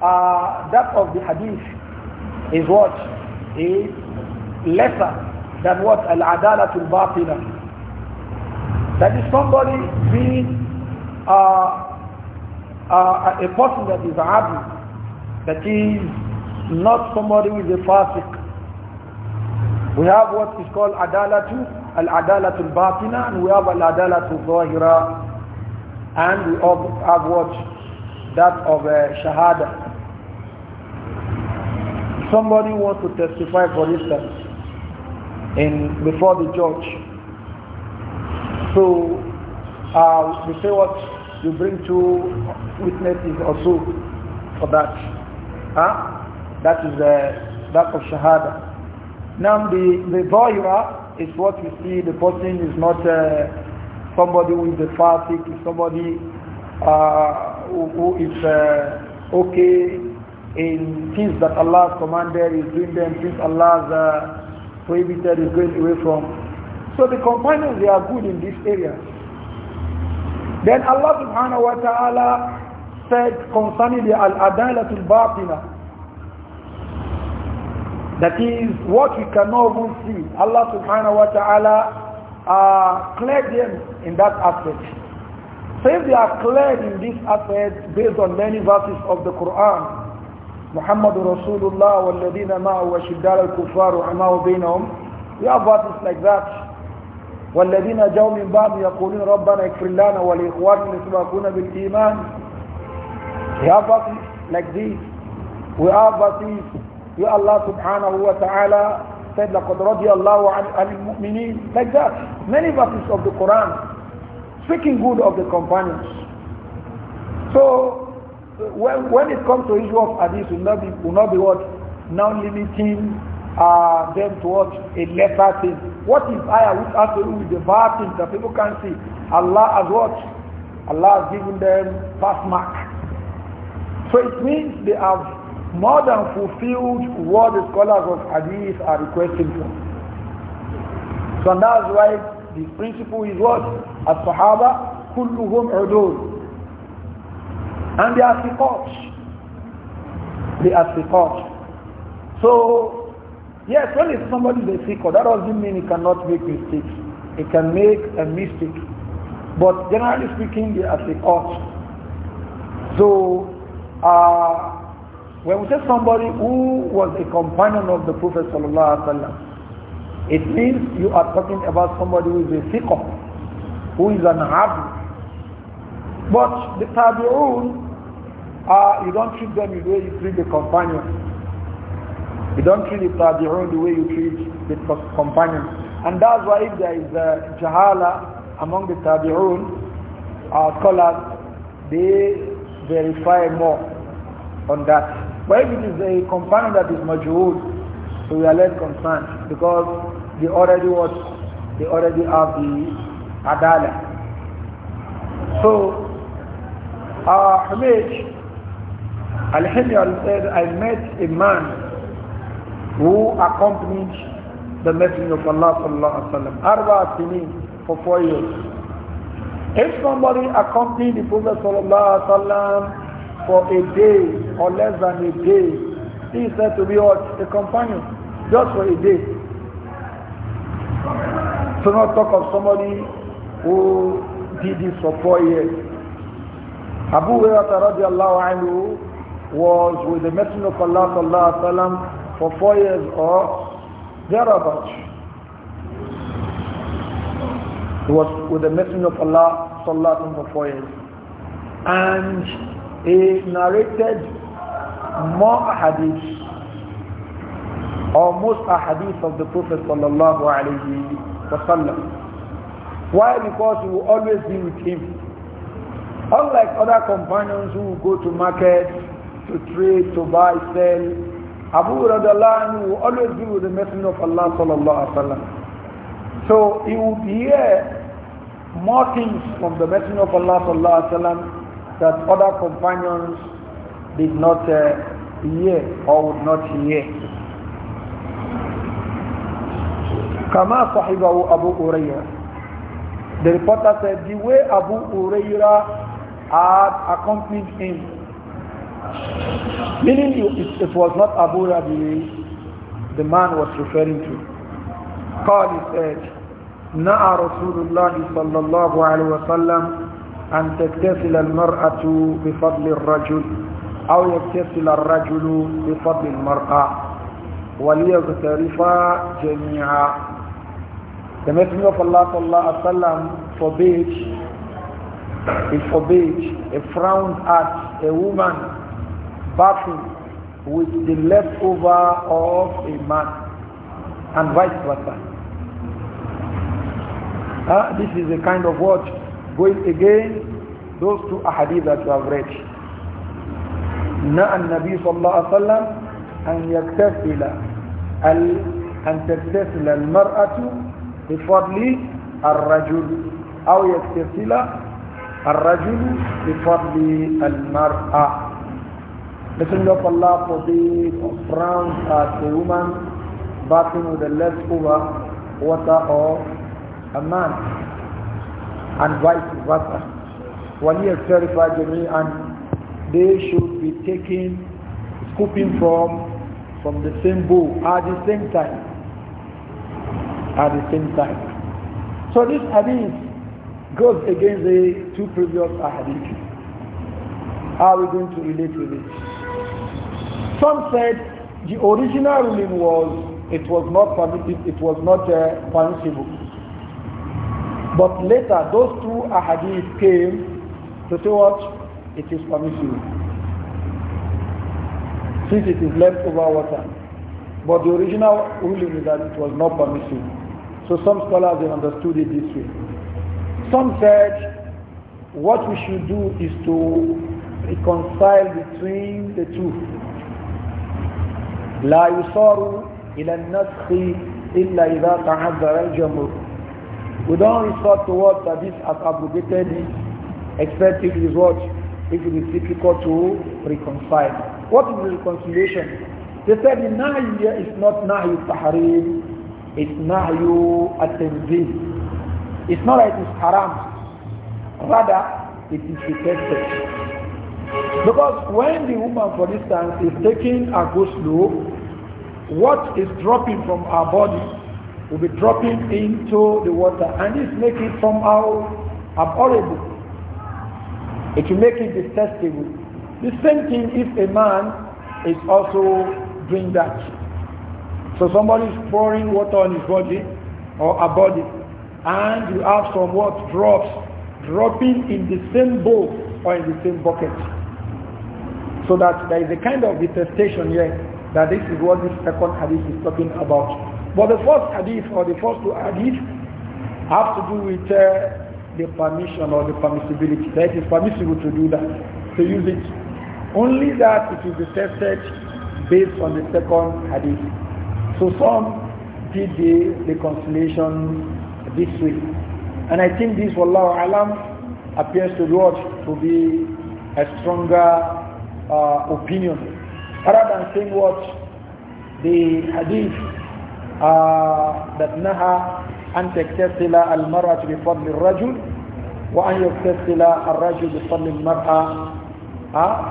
uh, that of the hadith is what? Is lesser than what al al-batinah. That That is somebody being uh, uh, a person that is hadith that is not somebody with a fasik. We have what is called adalatu, al al batina, and we have al al zahira, and we all have what? That of a uh, Shahada. Somebody wants to testify, for instance, in before the judge. So uh, we say what you bring two witnesses or so for that. Huh? That is the uh, that of Shahada. Now the the dhahira is what we see the person is not uh, somebody who is fatigued, somebody uh, who, who is uh, okay in things that Allah has commanded, is doing them, things Allah uh, prohibited, is going away from. So the companions, they are good in this area. Then Allah subhanahu wa ta'ala said concerning the al-adalatul batina that is what we cannot even see Allah subhanahu wa ta'ala uh, cleared them in that aspect. So they are clear in this aspect based on many verses of the Quran, Muhammad Rasulullah والذين معه وشدار الكفار رحماء بينهم We have verses like that والذين جاءوا من بعد يقولون ربنا اغفر لنا ولإخواننا الذين سبقونا بالإيمان We have verses like this We have verses Ya Allah subhanahu wa ta'ala said لقد رضي الله عن المؤمنين like that many verses of the Quran speaking good of the companions. So when, when it comes to issue of hadith, will not be, will not be what? Now limiting uh, them towards a lesser thing. What is ayah which has to do with the bad things that people can see? Allah has what? Allah has given them pass mark. So it means they have more than fulfilled what the scholars of hadith are requesting for. So that's why the principle is what? As-Sahaba, kulluhum udul. And they are siqat. They are siqat. So, yes, when it's somebody is a that doesn't mean he cannot make mistakes. He can make a mistake. But generally speaking, they are So, uh, when we say somebody who was a companion of the Prophet sallallahu alaihi wasallam, it means you are talking about somebody who is a fiqh, who is an abd. But the tabi'un, uh, you don't treat them the way you treat the companion. You don't treat the tabi'un the way you treat the companion. And that's why if there is a jahala among the tabi'un, our uh, scholars, they verify more on that. But if it is a companion that is majhul, so we are less concerned because they already what they already have the adala. So uh, Hamid Al-Himyar said, I met a man who accompanied the Messenger of Allah sallallahu alaihi wasallam, arba sinin for four years. If somebody accompanied the Prophet sallallahu alaihi wasallam for a day or less than a day, he is said to be what? A companion. Just for a day. So, not talk of somebody who did this for four years. Abu Hurairah radiallahu anhu was with the Messenger of Allah sallallahu alaihi wasallam for four years or thereabouts. He was with the Messenger of Allah sallallahu alaihi wasallam for four years. And he narrated more ahadith or most ahadith of the Prophet sallallahu alayhi wasallam. Why? Because he will always be with him. Unlike other companions who go to market, to trade, to buy, sell, Abu Radallahu will always be with the Messenger of Allah sallallahu alayhi wasallam. So he would hear more things from the Messenger of Allah sallallahu alayhi wasallam that other companions did not uh, hear or would not hear. Kama sahibahu Abu Uraira. The reporter said, the way Abu Uraira had accompanied him, meaning it, it was not Abu Rabi the man was referring to. قال said, نأى رسول الله صلى الله عليه وسلم أن تكتسل المرأة بفضل الرجل أو يتصل الرجل بفضل المرأة وليغترفا جميعا The Messenger of Allah sallallahu alaihi wasallam forbade, he forbade, a frowned at a woman bathing with the leftover of a man and vice versa. Uh, this is a kind of what going against those two ahadith that you have read. نعى النبي صلى الله عليه وسلم أن يغتسل أن تكتسل المرأة بفضل الرجل أو يكتسل الرجل بفضل المرأة Messenger لو صلى الله عليه وسلم فرانس a woman bathing هو وطاء أمان water of a man and vice versa. وَلِيَسْتَرِفَ جَمِيعًا they should be taking, scooping from, from the same bowl at the same time. At the same time. So this hadith goes against the two previous hadith. How are we going to relate with it? Some said the original ruling was it was not permitted, it was not uh, permissible. But later, those two ahadith came to say what? it is permissible. Since it is left over water. But the original ruling is that it was not permissible. So some scholars have understood it this way. Some said what we should do is to reconcile between the two. لا يصار إلى النسخ إلا إذا تعذر الجمهور. We don't resort to what this has abrogated except it is what it will be difficult to reconcile. What is reconciliation? They said the nahy here is not nahy tahrim, it's nahyu at It's not like it is haram. Rather, it is detested. Because when the woman, for instance, is taking a ghusl, what is dropping from her body will be dropping into the water and this makes it somehow abhorrible. It will make it detestable. The same thing if a man is also doing that. So somebody is pouring water on his body or a body and you have some what drops dropping in the same bowl or in the same bucket. So that there is a kind of detestation here that this is what this second hadith is talking about. But the first hadith or the first two hadith have to do with uh, the permission or the permissibility. That it is permissible to do that, to use it. Only that it is tested based on the second hadith. So some did the reconciliation this way. And I think this, Wallahu Alam, appears to God to be a stronger uh, opinion. Rather than saying what the hadith uh, that Naha أن تكتسل المرأة بفضل الرجل وأن يكتسل الرجل بفضل المرأة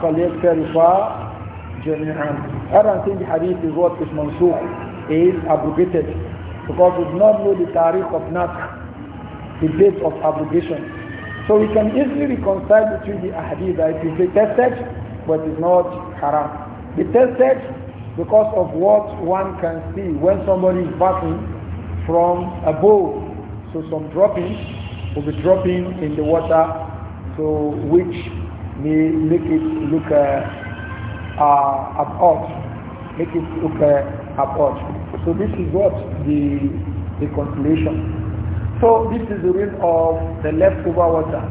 فليكترفا جميعا هذا thing the hadith is what is منسوخ is abrogated because we do not know the tariq of Nath, the date of abrogation so we can easily reconcile between the hadith that it is tested but is not haram. The tested because of what one can see when somebody is bathing from above. So some droppings will be dropping in the water, so which may make it look uh, uh, make it look uh, abhorrent. So this is what the the consolation. So this is the rule of the leftover water.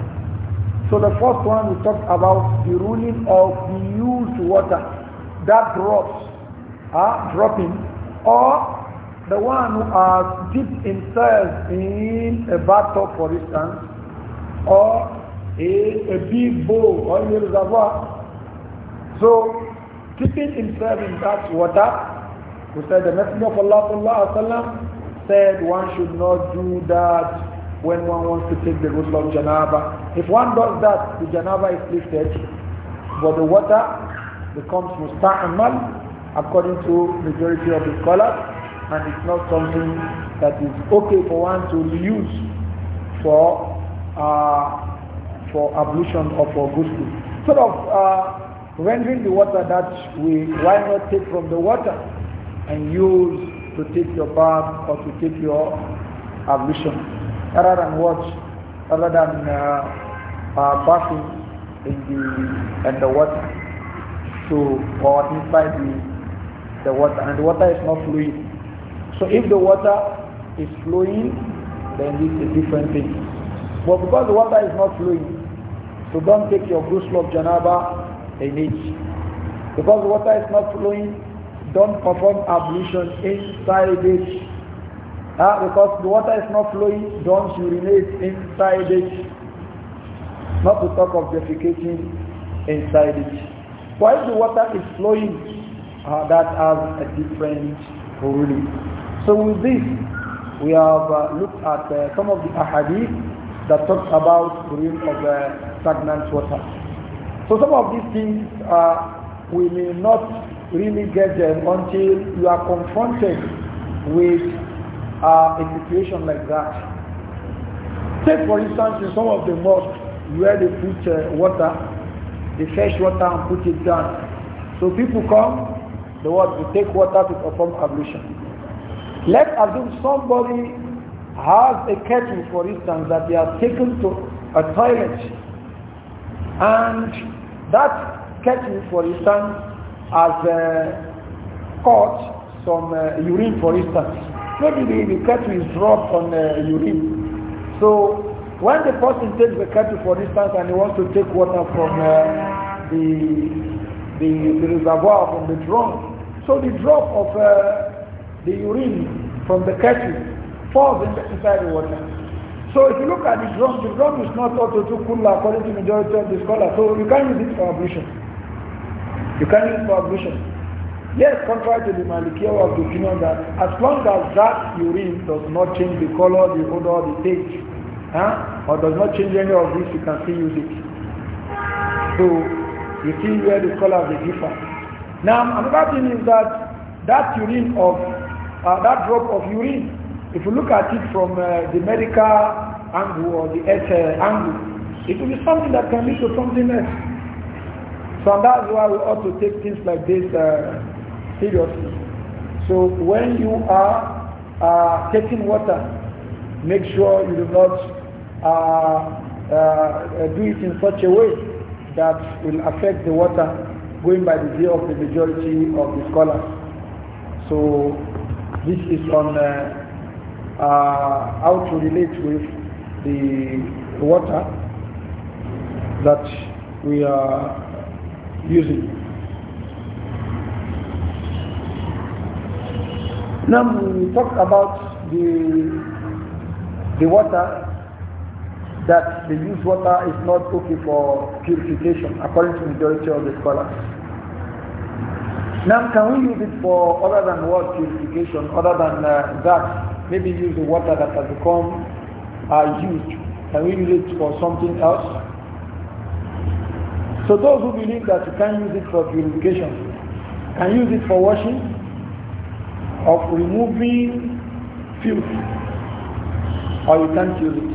So the first one we talked about the ruling of the used water that drops, uh, dropping, or the one who has dipped himself in a bathtub, for instance, or a, a big bowl or a reservoir. So, keeping himself in that water, we said the Messenger of Allah sallam, said one should not do that when one wants to take the ghusl of Janaba. If one does that, the Janaba is lifted, but the water becomes musta'amal according to majority of the scholars and it's not something that is okay for one to use for uh, for ablution or for ghusl. Sort of uh, rendering the water that we why not take from the water and use to take your bath or to take your ablution rather than what rather than uh, uh, bathing in the in the water. to or inside the the water and the water is not fluid. So if the water is flowing, then it's a different thing. But because the water is not flowing, so don't take your ghusl of janaba in it. Because the water is not flowing, don't perform ablution inside it. Uh, because the water is not flowing, don't urinate inside it. Not to talk of defecating inside it. But if the water is flowing, uh, that has a different ruling. So with this, we have uh, looked at uh, some of the ahadith that talks about the use of uh, stagnant water. So some of these things uh, we may not really get them until you are confronted with uh, a situation like that. Take for instance in some of the mosques where they put uh, water, the fresh water and put it down. So people come, they want to take water to perform ablution. Let's assume somebody has a kettle, for instance, that they have taken to a toilet. And that kettle, for instance, has uh, caught some uh, urine, for instance. Maybe the, the kettle is dropped on uh, urine. So when the person takes the kettle, for instance, and he wants to take water from uh, the, the, the, reservoir, from the drum, so the drop of uh, the urine from the cattle falls inside the water. So if you look at the drum, the drum is not cool according to majority of the scholars. So you can't use it for ablution. You can't use it for ablution. Yes, contrary to the Malikiya of the opinion that as long as that urine does not change the color, the odor, the taste, huh, or does not change any of this, you can still use it. So you see where the color of different. differ. Now another thing is that that urine of uh, that drop of urine, if you look at it from uh, the medical angle or the health uh, angle, it will be something that can lead to something else. So that's why we ought to take things like this uh, seriously. So when you are uh, taking water, make sure you do not uh, do it in such a way that will affect the water going by the view of the majority of the scholars. So this is on uh, uh, how to relate with the water that we are using. Now we talk about the the water that the used water is not okay for purification according to majority of the scholars. Now, can we use it for other than water purification, other than uh, that? Maybe use the water that has become uh, used. Can we use it for something else? So those who believe that you can use it for purification, can use it for washing, of removing filth, or you can't use it.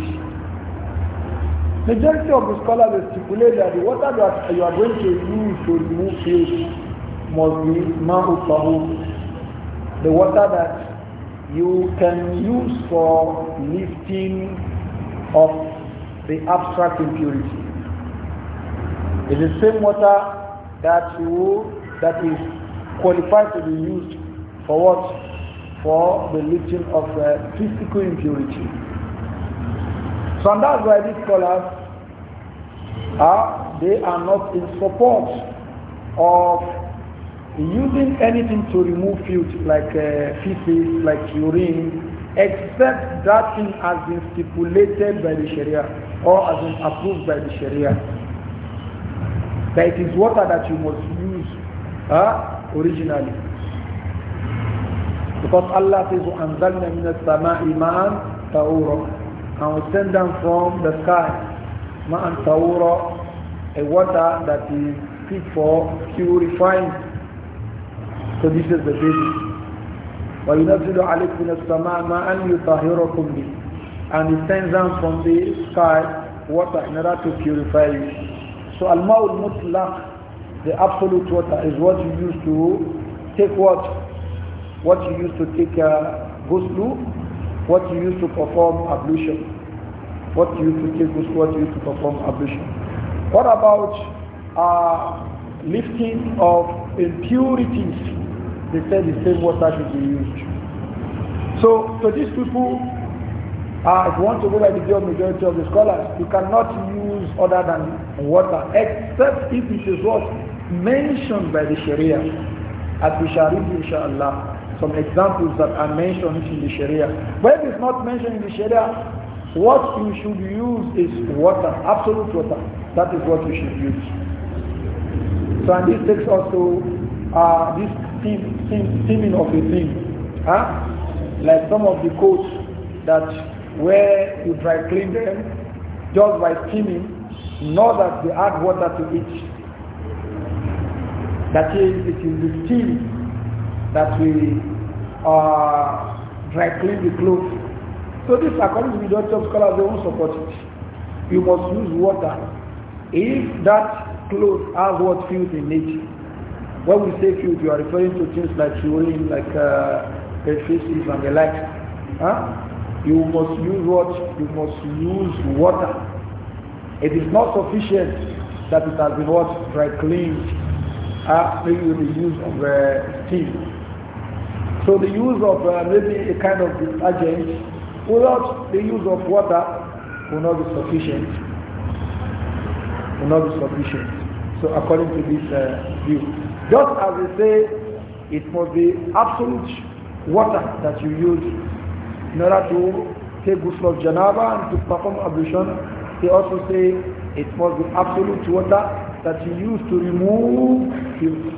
Majority of the scholars stipulate that the water that you are going to use to remove filth must be ma'u The water that you can use for lifting of the abstract impurity. It's the same water that you that is qualified to be used for what? For the lifting of the uh, physical impurity. So and that's why these scholars are they are not in support of using anything to remove filth like uh, feces, like urine, except that thing has been stipulated by the Sharia or has been approved by the Sharia. That it is water that you must use uh, originally. Because Allah says, وَأَنْزَلْنَا مِنَ السَّمَاءِ مَاءً تَعُورًا And we send them from the sky, مَاءً تَعُورًا, a water that is fit for purifying so this is the basis. وَيُنَزِّلُ عَلَيْكُمْ السَّمَاءَ مَاءً يُطَهِّرُكُمْ بِهِ And it sends down from the sky water in order to purify you. So al-ma'ul mutlaq, the absolute water, is what you use to take what? What you use to take uh, ghusl, what you use to perform ablution. What you use to take ghusl, what you use to perform ablution. What about uh, lifting of impurities they said the same water should be used. So, so these people, uh, if you want to go by the majority of the scholars, you cannot use other than water, except if it is what mentioned by the Sharia, as we shall read inshallah some examples that are mentioned in the Sharia. But if it's not mentioned in the Sharia, what you should use is water, absolute water. That is what you should use. So and this takes us to uh, this Steaming of a thing. Huh? Like some of the coats that where you dry clean them just by steaming, not that they add water to it. That is, it is the steam that we uh, dry clean the clothes. So this according to the doctor scholars, they won't support it. You must use water. If that clothes has what filth in it, when we say food, you are referring to things like urine, like uh, and the like. Huh? You must use what? You must use water. It is not sufficient that it has been washed Dry cleaned uh, the use of uh, steam. So the use of uh, maybe a kind of detergent without the use of water will not be sufficient. Will not be sufficient. So according to this uh, view. Just as they say, it must be absolute water that you use in order to take ghusl of janaba and to perform ablution. They also say it must be absolute water that you use to remove filth.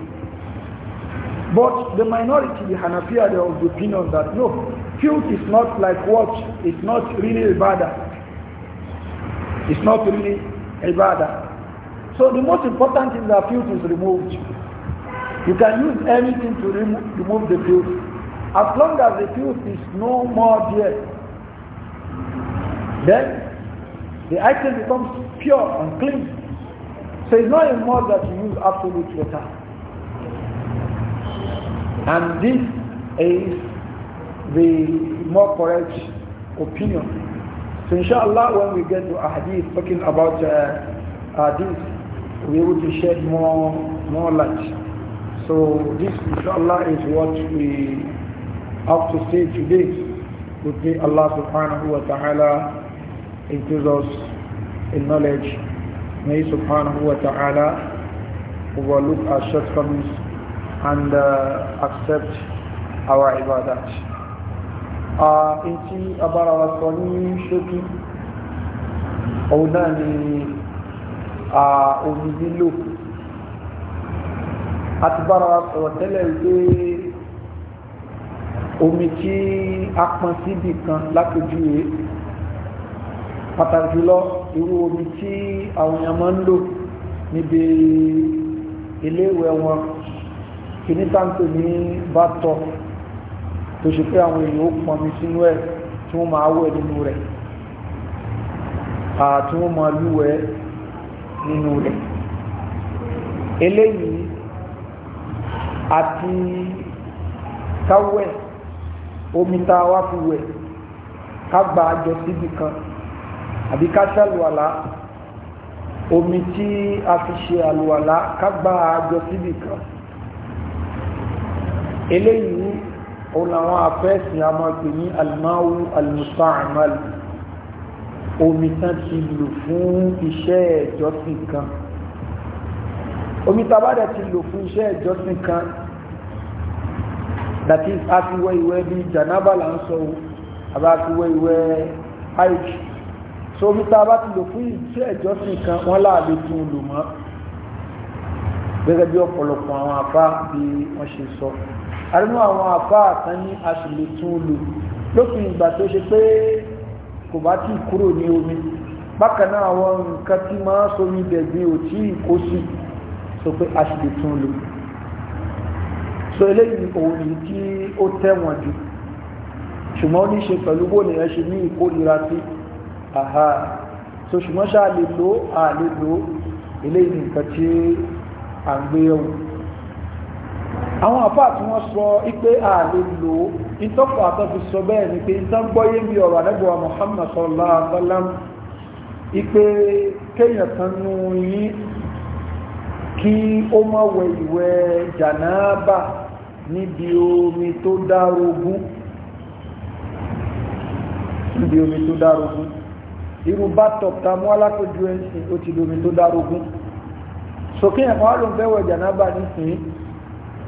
But the minority, the Hanafiya, they are of the opinion that no, filth is not like what? It's not really ibadah. It's not really ibadah. So the most important thing that filth is removed. You can use anything to remo remove the filth. As long as the filth is no more there, then the item becomes pure and clean. So it's not a mud that you use absolute water. And this is the more correct opinion. So inshallah when we get to a hadith talking about uh, uh, this, be able to shed more more light. So this inshallah is what we have to say today. We pray Allah subhanahu wa ta'ala increase us in knowledge. May subhanahu wa ta'ala overlook our shortcomings and uh, accept our ibadat. Uh, in ti abara wa sọ ní ṣókí, òun náà omi lílò a ti bára sọ̀rọ̀ tẹ́lẹ̀ wípé omi tí a pọn síbì kan lápèjúwe pàtàkì jùlọ irú omi tí àwọn èèyàn máa ń lò níbi iléèwẹ̀ wọn kìíní táǹkì ní bàtọ̀ tó ṣe pé àwọn èèyàn ó pọnmi sínú ẹ̀ tí wọ́n máa wẹ̀ nínú rẹ̀ àti wọ́n máa lúwẹ̀ẹ́ nínú rẹ̀ eléyìí àti káwẹ̀ omi tá a wá fi wẹ̀ ká gba àjọ síbi kan àbí ká ṣàlùwàlá omi tí a fi ṣe àlùwàlá ká àjọ síbi kan eléyìí òun làwọn afẹ́sìn a máa pè ní alimáwú alimusaamal omi tán ti lò fún iṣẹ́ ìjọsìn kan omi tá a bá dẹ̀ ti lò fún iṣẹ́ ìjọsìn kan that is a fi wẹ̀ ìwẹ̀ bí janaba là ń sọ o a bá fi wẹ̀ ìwẹ̀ so omi tá a bá ti lò fún iṣẹ́ ìjọsìn kan wọ́n láàbí tún lò mọ́ gẹ́gẹ́ bí ọ̀pọ̀lọpọ̀ àwọn àfá bí wọ́n ṣe sọ àrínú àwọn àfá àtàn ní a sì lè tún lò lópin ìgbà tó ṣe pé kò bá tí kúrò ní omi bákan náà àwọn nǹkan tí máa sómi dẹ̀gbin ò tí kó sí sọ pé a sì lè tún lò so eléyìí òun yìí tí ó tẹ̀wọ̀n jù ṣùgbọ́n ó ní ṣe pẹ̀lú bó lè ṣe ní ìkórira sí àhá so ṣùgbọ́n ṣáà lè lò á lè lò eléyìí nǹkan tí à ń gbé yẹ̀wò àwọn àfáà tí wọ́n sọ ipé ààlè lò ó ìtọ́pọ̀ àtọ́fi sọ bẹ́ẹ̀ ni pé ìtàn gbọ́yé bí ọ̀rọ̀ àdẹ́gbọ̀wà Muhammad sallallahu alaihi wasallam ipé kéèyàn kan nú yín kí ó má wẹ ìwẹ̀ jànáàbà níbi omi tó dárogún níbi omi tó dárogún irú bá tọ̀pta mú alákòjú ẹ̀sìn ó ti lómi tó dárogún sókè ẹ̀kọ́ àlùfẹ́wẹ̀ jànáàbà nísìnyí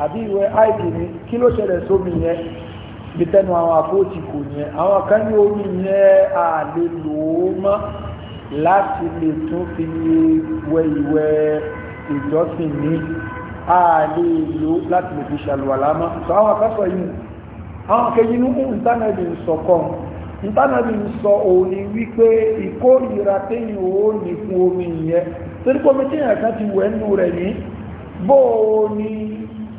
àbí ìwẹ̀ áìdì ni kí ló ṣẹlẹ̀ sómi yẹn bí tẹnu àwọn àpótí kò yẹn àwọn kan ní omi yẹn à lè lò ó mọ́ láti lè tún fi wẹ ìwẹ̀ ìjọsìn ní à lè lò láti lè fi ṣàlùwàlá mọ́ sọ àwọn akẹ́kọ̀ọ́ yìí àwọn akẹ́yìn ní ìntánẹ́ẹ̀tì ń sọ̀kọ́ ìtànàbí ń sọ ni wípé ìkórìíra téyìn ó ní fún omi yẹn torí pé omi téyìn ti wẹ̀ nù rẹ̀ ní bóò ní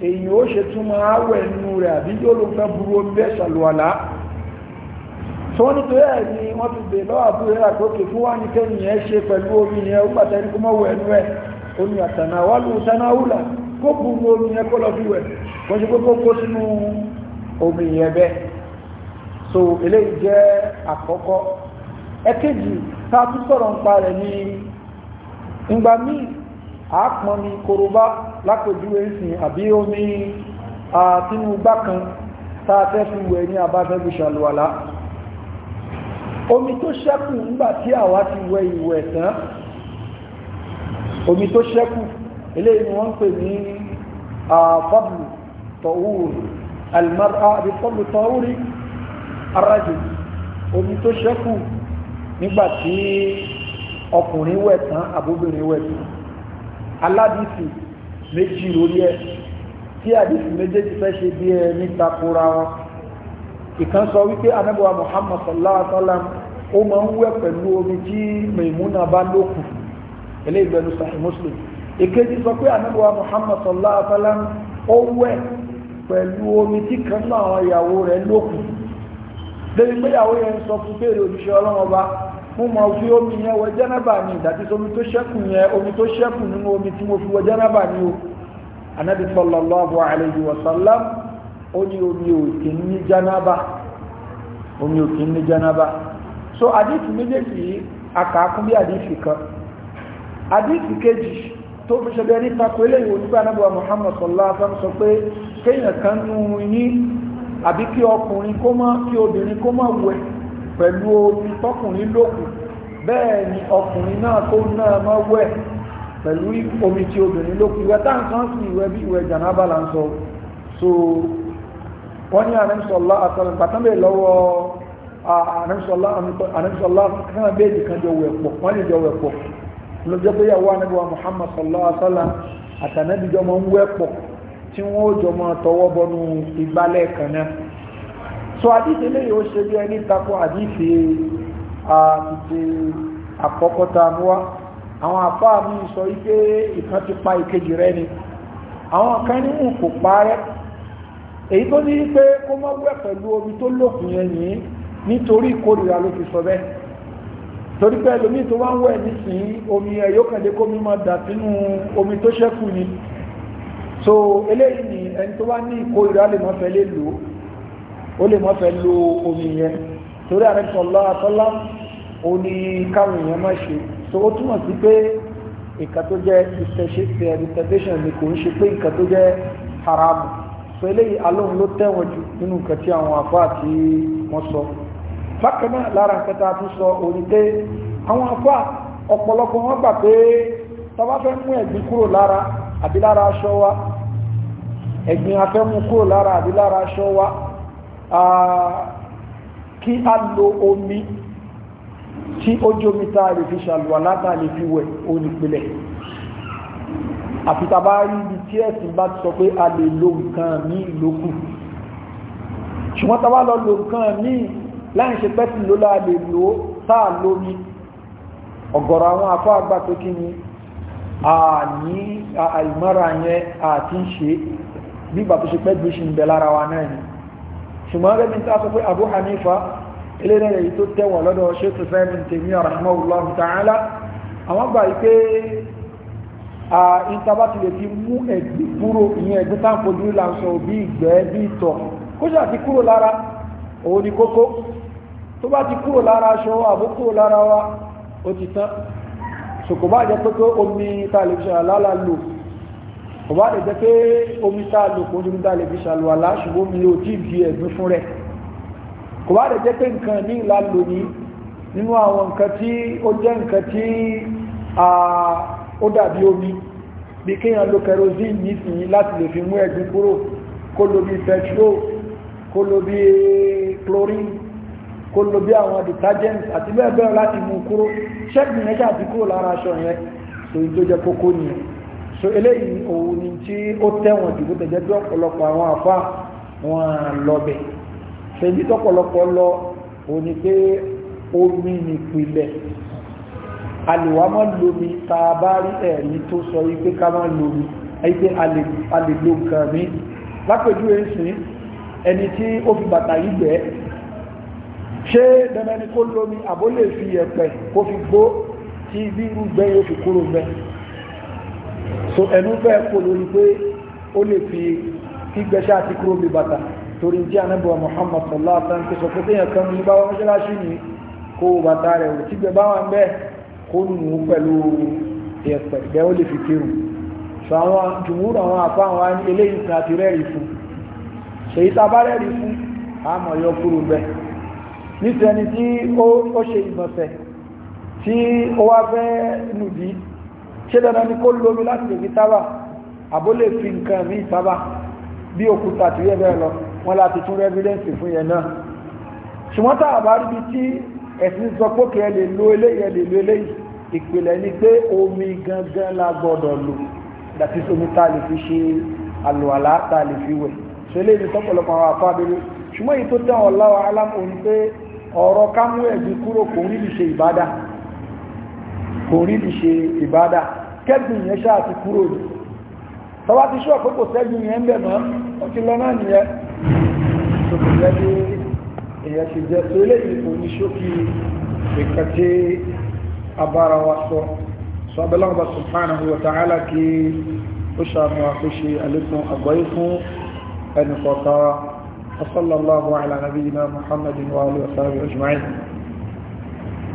èyí ó ṣe túnmọ̀ àwẹ̀ inú rẹ̀ àbí yóò ló fẹ́ burú omi bẹ́ẹ̀ ṣàlùwàlá tó ní tó yẹ́ ni wọ́n ti bè lọ́wọ́ àbúrẹ́ àkókè fún wọ́n ní kẹ́yìn ẹ́ ṣe pẹ̀lú omi yẹn ó gbàtẹ́ ní kó mọ́ wẹ̀ ẹnu ẹ̀ omi àtànà wà ló tanáwùlà kó burú omi yẹn kó lọ fi wẹ̀ kó ṣe kókó kó sínú omi yẹn bẹ́ẹ̀ so eléyìí jẹ́ àkọ́kọ́ ẹ̀kejì tá a tún sọ̀rọ̀ nípa rẹ̀ ní ìgbà míì àápọn mi korobá lápòjúwé ìsìn àbí omi àtinúgbá kan táa fẹ́ fi wẹ̀ ní àbáfẹ́ fi ṣàlùwàlá omi tó ṣẹ́kù nígbà tí àwa ti wẹ ìwẹ̀ tán omi tó ṣẹ́kù eléyìí wọ́n ń pè ní fọ́bùlù tọ̀wúrù arájò omi tó ṣẹ́kù nígbà tí ọkùnrin wẹ̀ tán àbóbìnrin wẹ̀ tán aládìsí méjì lórí ẹ̀ tí àdìsí méjèèjì fẹ́ ṣe bí ẹ níta kóra wọn ìkan sọ wípé anábọ̀wá Muhammad sallallahu alaihi wa sallam ó máa ń wẹ̀ pẹ̀lú omi tí Maimuna bá lókù eléyìí lẹ́nu Sahih Muslim ìkejì sọ pé anábọ̀wá Muhammad sallallahu alaihi wa sallam ó wẹ̀ pẹ̀lú omi tí kan náà àwọn ìyàwó rẹ̀ lókù débi pé ìyàwó yẹn sọ fún bẹ́ẹ̀rẹ̀ òjíṣẹ́ ọlọ́wọ́ mo mọ̀ fi omi yẹn wọ jẹ́nàbà ni ìdàtí omi tó ṣẹ́kù yẹn omi tó ṣẹ́kù nínú omi tí mo fi wọ jẹ́nàbà ni o anabi sallallahu alayhi wa sallam ó ní omi ò kì í ní jẹ́nàbà omi ò kì í ní jẹ́nàbà so àdìsí méjèèjì akàákún bí àdìsí kan àdìsí kejì tó fi ṣẹlẹ̀ ní tako eléyìí onígbà anabi wa muhammad sallallahu alayhi wa sallam sọ pé kéèyàn kan nù yín àbí kí ọkùnrin kó má kí obìnrin kó má wẹ̀ pẹ̀lú omi tọkùnrin lókùn bẹ́ẹ̀ ni ọkùnrin náà tó náà mọ́ wẹ̀ pẹ̀lú omi tí obìnrin lókùn ìwẹ̀ táǹkan sí ìwẹ̀ bí ìwẹ̀ jànábà là ń sọ so wọ́n ní àrẹ́mìsọ̀lá àtàlẹ̀gbàtàmẹ́ lọ́wọ́ àrẹ́mìsọ̀lá kan méjì kan jọ wẹ̀ pọ̀ wọ́n lè jọ wẹ̀ pọ̀ Muhammad sallallahu alaihi wasallam àtànábíjọ́ mọ́ ń wẹ̀ pọ̀ tí wọ́n ó jọ mọ́ so àdíṣe lè yóò ṣe bí ẹni tako àdíṣe àtìṣe àkọ́kọ́ ta mú wá àwọn àfá mi sọ wípé ìkan ti pa ìkejì rẹ ni àwọn kan ní mú kò parẹ́ èyí tó ní pé kó mọ́ wẹ̀ pẹ̀lú omi tó lòkùn yẹn yìí nítorí ìkórìíra ló fi sọ bẹ́ẹ̀ torí pé ẹlòmíì tó wá ń wẹ̀ nísìnyí omi ẹ̀yọ́kẹ̀lẹ́ kó mi máa dà sínú omi tó ṣẹ́kù ni so eléyìí ni ẹni tó wá ní ìkórìíra lè mọ́ fẹ́ lè ó lè mọ́fẹ́ lo omi yẹn torí àrẹ́sọ̀lá àtọ́lá ó ní káwọn èèyàn má ṣe so ó túmọ̀ sí pé nǹkan tó jẹ́ ìṣẹ̀ṣẹ̀ṣẹ̀ rehabilitation eh, ni kò ń ṣe pé nǹkan tó jẹ́ haram so eléyìí alóhun ló tẹ̀wọ̀n jù nínú nǹkan tí àwọn àfáà tí wọ́n sọ bákan náà lára nǹkan tá a tún sọ òní pé àwọn àfáà ọ̀pọ̀lọpọ̀ wọn gbà pé tọba fẹ́ mú ẹ̀gbin kúrò lára àbí lára aṣọ wa ẹ̀gbin afẹ́ mú kúrò lára àbí lára aṣọ wa kí a lo omi tí ó jómi tá a lè fi ṣàlùwà látà lè fi wẹ̀ onípìlẹ̀ àfitabá rí ibi tí ẹ̀sìn bá ti sọ pé a lè lo nǹkan ní ìlókù ṣùgbọ́n tá a bá lọ lo nǹkan ní láì ṣe pẹ́sì ló láà lè lo táà lómi ọ̀gọ̀rọ̀ àwọn afọ́ àgbà tó kí ni àní àìmọ́ra yẹn àti ń ṣe bí ìgbà tó ṣe pẹ́ gbé ṣe ń bẹ lára wa náà ni ṣùgbọ́n rẹ̀ mi ta sọ pé Abu Hanifa ilé rẹ̀ yìí tó tẹ̀wọ̀n lọ́dọ̀ Sheikh Ibn Taymiyyah rahimahullahu ta'ala àwọn gbà yìí pé ìtaba ti lè fi mú ẹ̀gbẹ́ kúrò ìyẹn ẹ̀gbẹ́ tá à ń fojú là ń sọ bí ìgbẹ́ bí ìtọ̀ kó ṣáà ti kúrò lára òun ni kókó tó bá ti kúrò lára aṣọ àbó kúrò lára wa ó ti tán ṣòkò jẹ pé pé omi tá a lò ọba lè jẹ́ pé omi tá a lò kó omi tá a lè fi ṣàlùwàlá ṣùgbọ́n mi ò tí ì di ẹ̀gbin fún rẹ̀ ọba lè jẹ́ pé nǹkan ní ìlà lónìí nínú àwọn nǹkan tí ó jẹ́ nǹkan tí ó dàbí omi bí kéèyàn lo kerosene nísìnyí láti lè fi mú ẹ̀gbin kúrò kó lo bí petrol kó lo bí chlorine kó lo bí àwọn detergents àti bẹ́ẹ̀ bẹ́ẹ̀ láti mú kúrò ṣẹ́gbìn yẹn ṣàti kúrò lára aṣọ yẹn tó jẹ́ kókó nìyẹn so eléyìí òun ni tí ó tẹ̀wọ̀n jù bó tẹ̀jẹ́ bí ọ̀pọ̀lọpọ̀ àwọn àfa wọn lọ́bẹ̀ ṣèjì tọ́pọ̀lọpọ̀ lọ òun ni pé omi nìpìlẹ̀ àlèwà mọ́ lómi tá a bá rí ẹ̀rí tó sọ wípé ká mọ́ lómi ẹgbẹ́ àlèlò nǹkan mi lápẹjú èsì ẹni tí ó fi bàtà yìí gbẹ́ ṣé dandan ni kó lómi àbólè fi ẹ̀pẹ̀ kó fi gbó tí bí irú yóò fi kúrò gbẹ́ so ẹnu fẹ́ kó lórí pé ó lè fi kígbẹ́ṣẹ́ àti kúrò bí bàtà torí tí anábọ̀ Muhammad sallallahu alaihi wasallam ti sọ pé téèyàn kan ní bá wá mọ́ṣáláṣí ni kó bàtà rẹ̀ ò tígbẹ́ bá wà ń bẹ́ẹ̀ kó nù ú pẹ̀lú ẹ̀pẹ̀ bẹ́ẹ̀ ó lè fi kírun so àwọn jùmúrù àwọn àpá àwọn eléyìí kan àti rẹ́rìí fún ṣèyí tá bá rẹ́rìí fún àmọ̀ yọ kúrò bẹ́ẹ̀ nítorí ẹni tí ó ṣe ìgbọ̀nsẹ̀ tí ó wá fẹ́ nùdí ṣé dandan ni kó lómi láti lè fi tábà àbó lè fi nǹkan mí tábà bí òkúta tí yẹ bẹ́ẹ̀ lọ wọ́n láti tún rẹ́fídẹ́ǹsì fún yẹn náà ṣùgbọ́n tá bá rí bí tí ẹ̀sìn sọ pé ẹ lè lo eléyìí ẹ lè lo eléyìí ìpìlẹ̀ ni pé omi gangan la gbọ́dọ̀ lò dàtí omi tá a lè fi ṣe àlùwàlá tá a lè fi wẹ̀ ṣe lè ní tọ́pọ̀lọpọ̀ àwọn afọ abẹ́rẹ́ ṣùgbọ́n èyí tó tẹ́ wọn láwọn alámọ̀ ní pé ọ̀rọ̀ ká mú ẹ̀gbin kúrò kò rí ṣe ìbádà kò rí ṣe ìbádà kẹ́gbìn yẹn ṣáà ti kúrò ní tọba ti ṣọ́ àkókò sẹ́gbìn yẹn bẹ̀ mọ́ ọtí lọ náà nìyẹn tó kò jẹ́ bí èyàn ti jẹ́ tó eléyìí kò ní ṣókí nǹkan tí abára wa sọ sọ abẹ́lọ́gbà subhanahu wa ta'ala kí ó ṣàmì àkóṣe àlékún àgbáyé fún ẹnì wa sallallahu ala nabiyyina muhammadin wa alihi wa sahbihi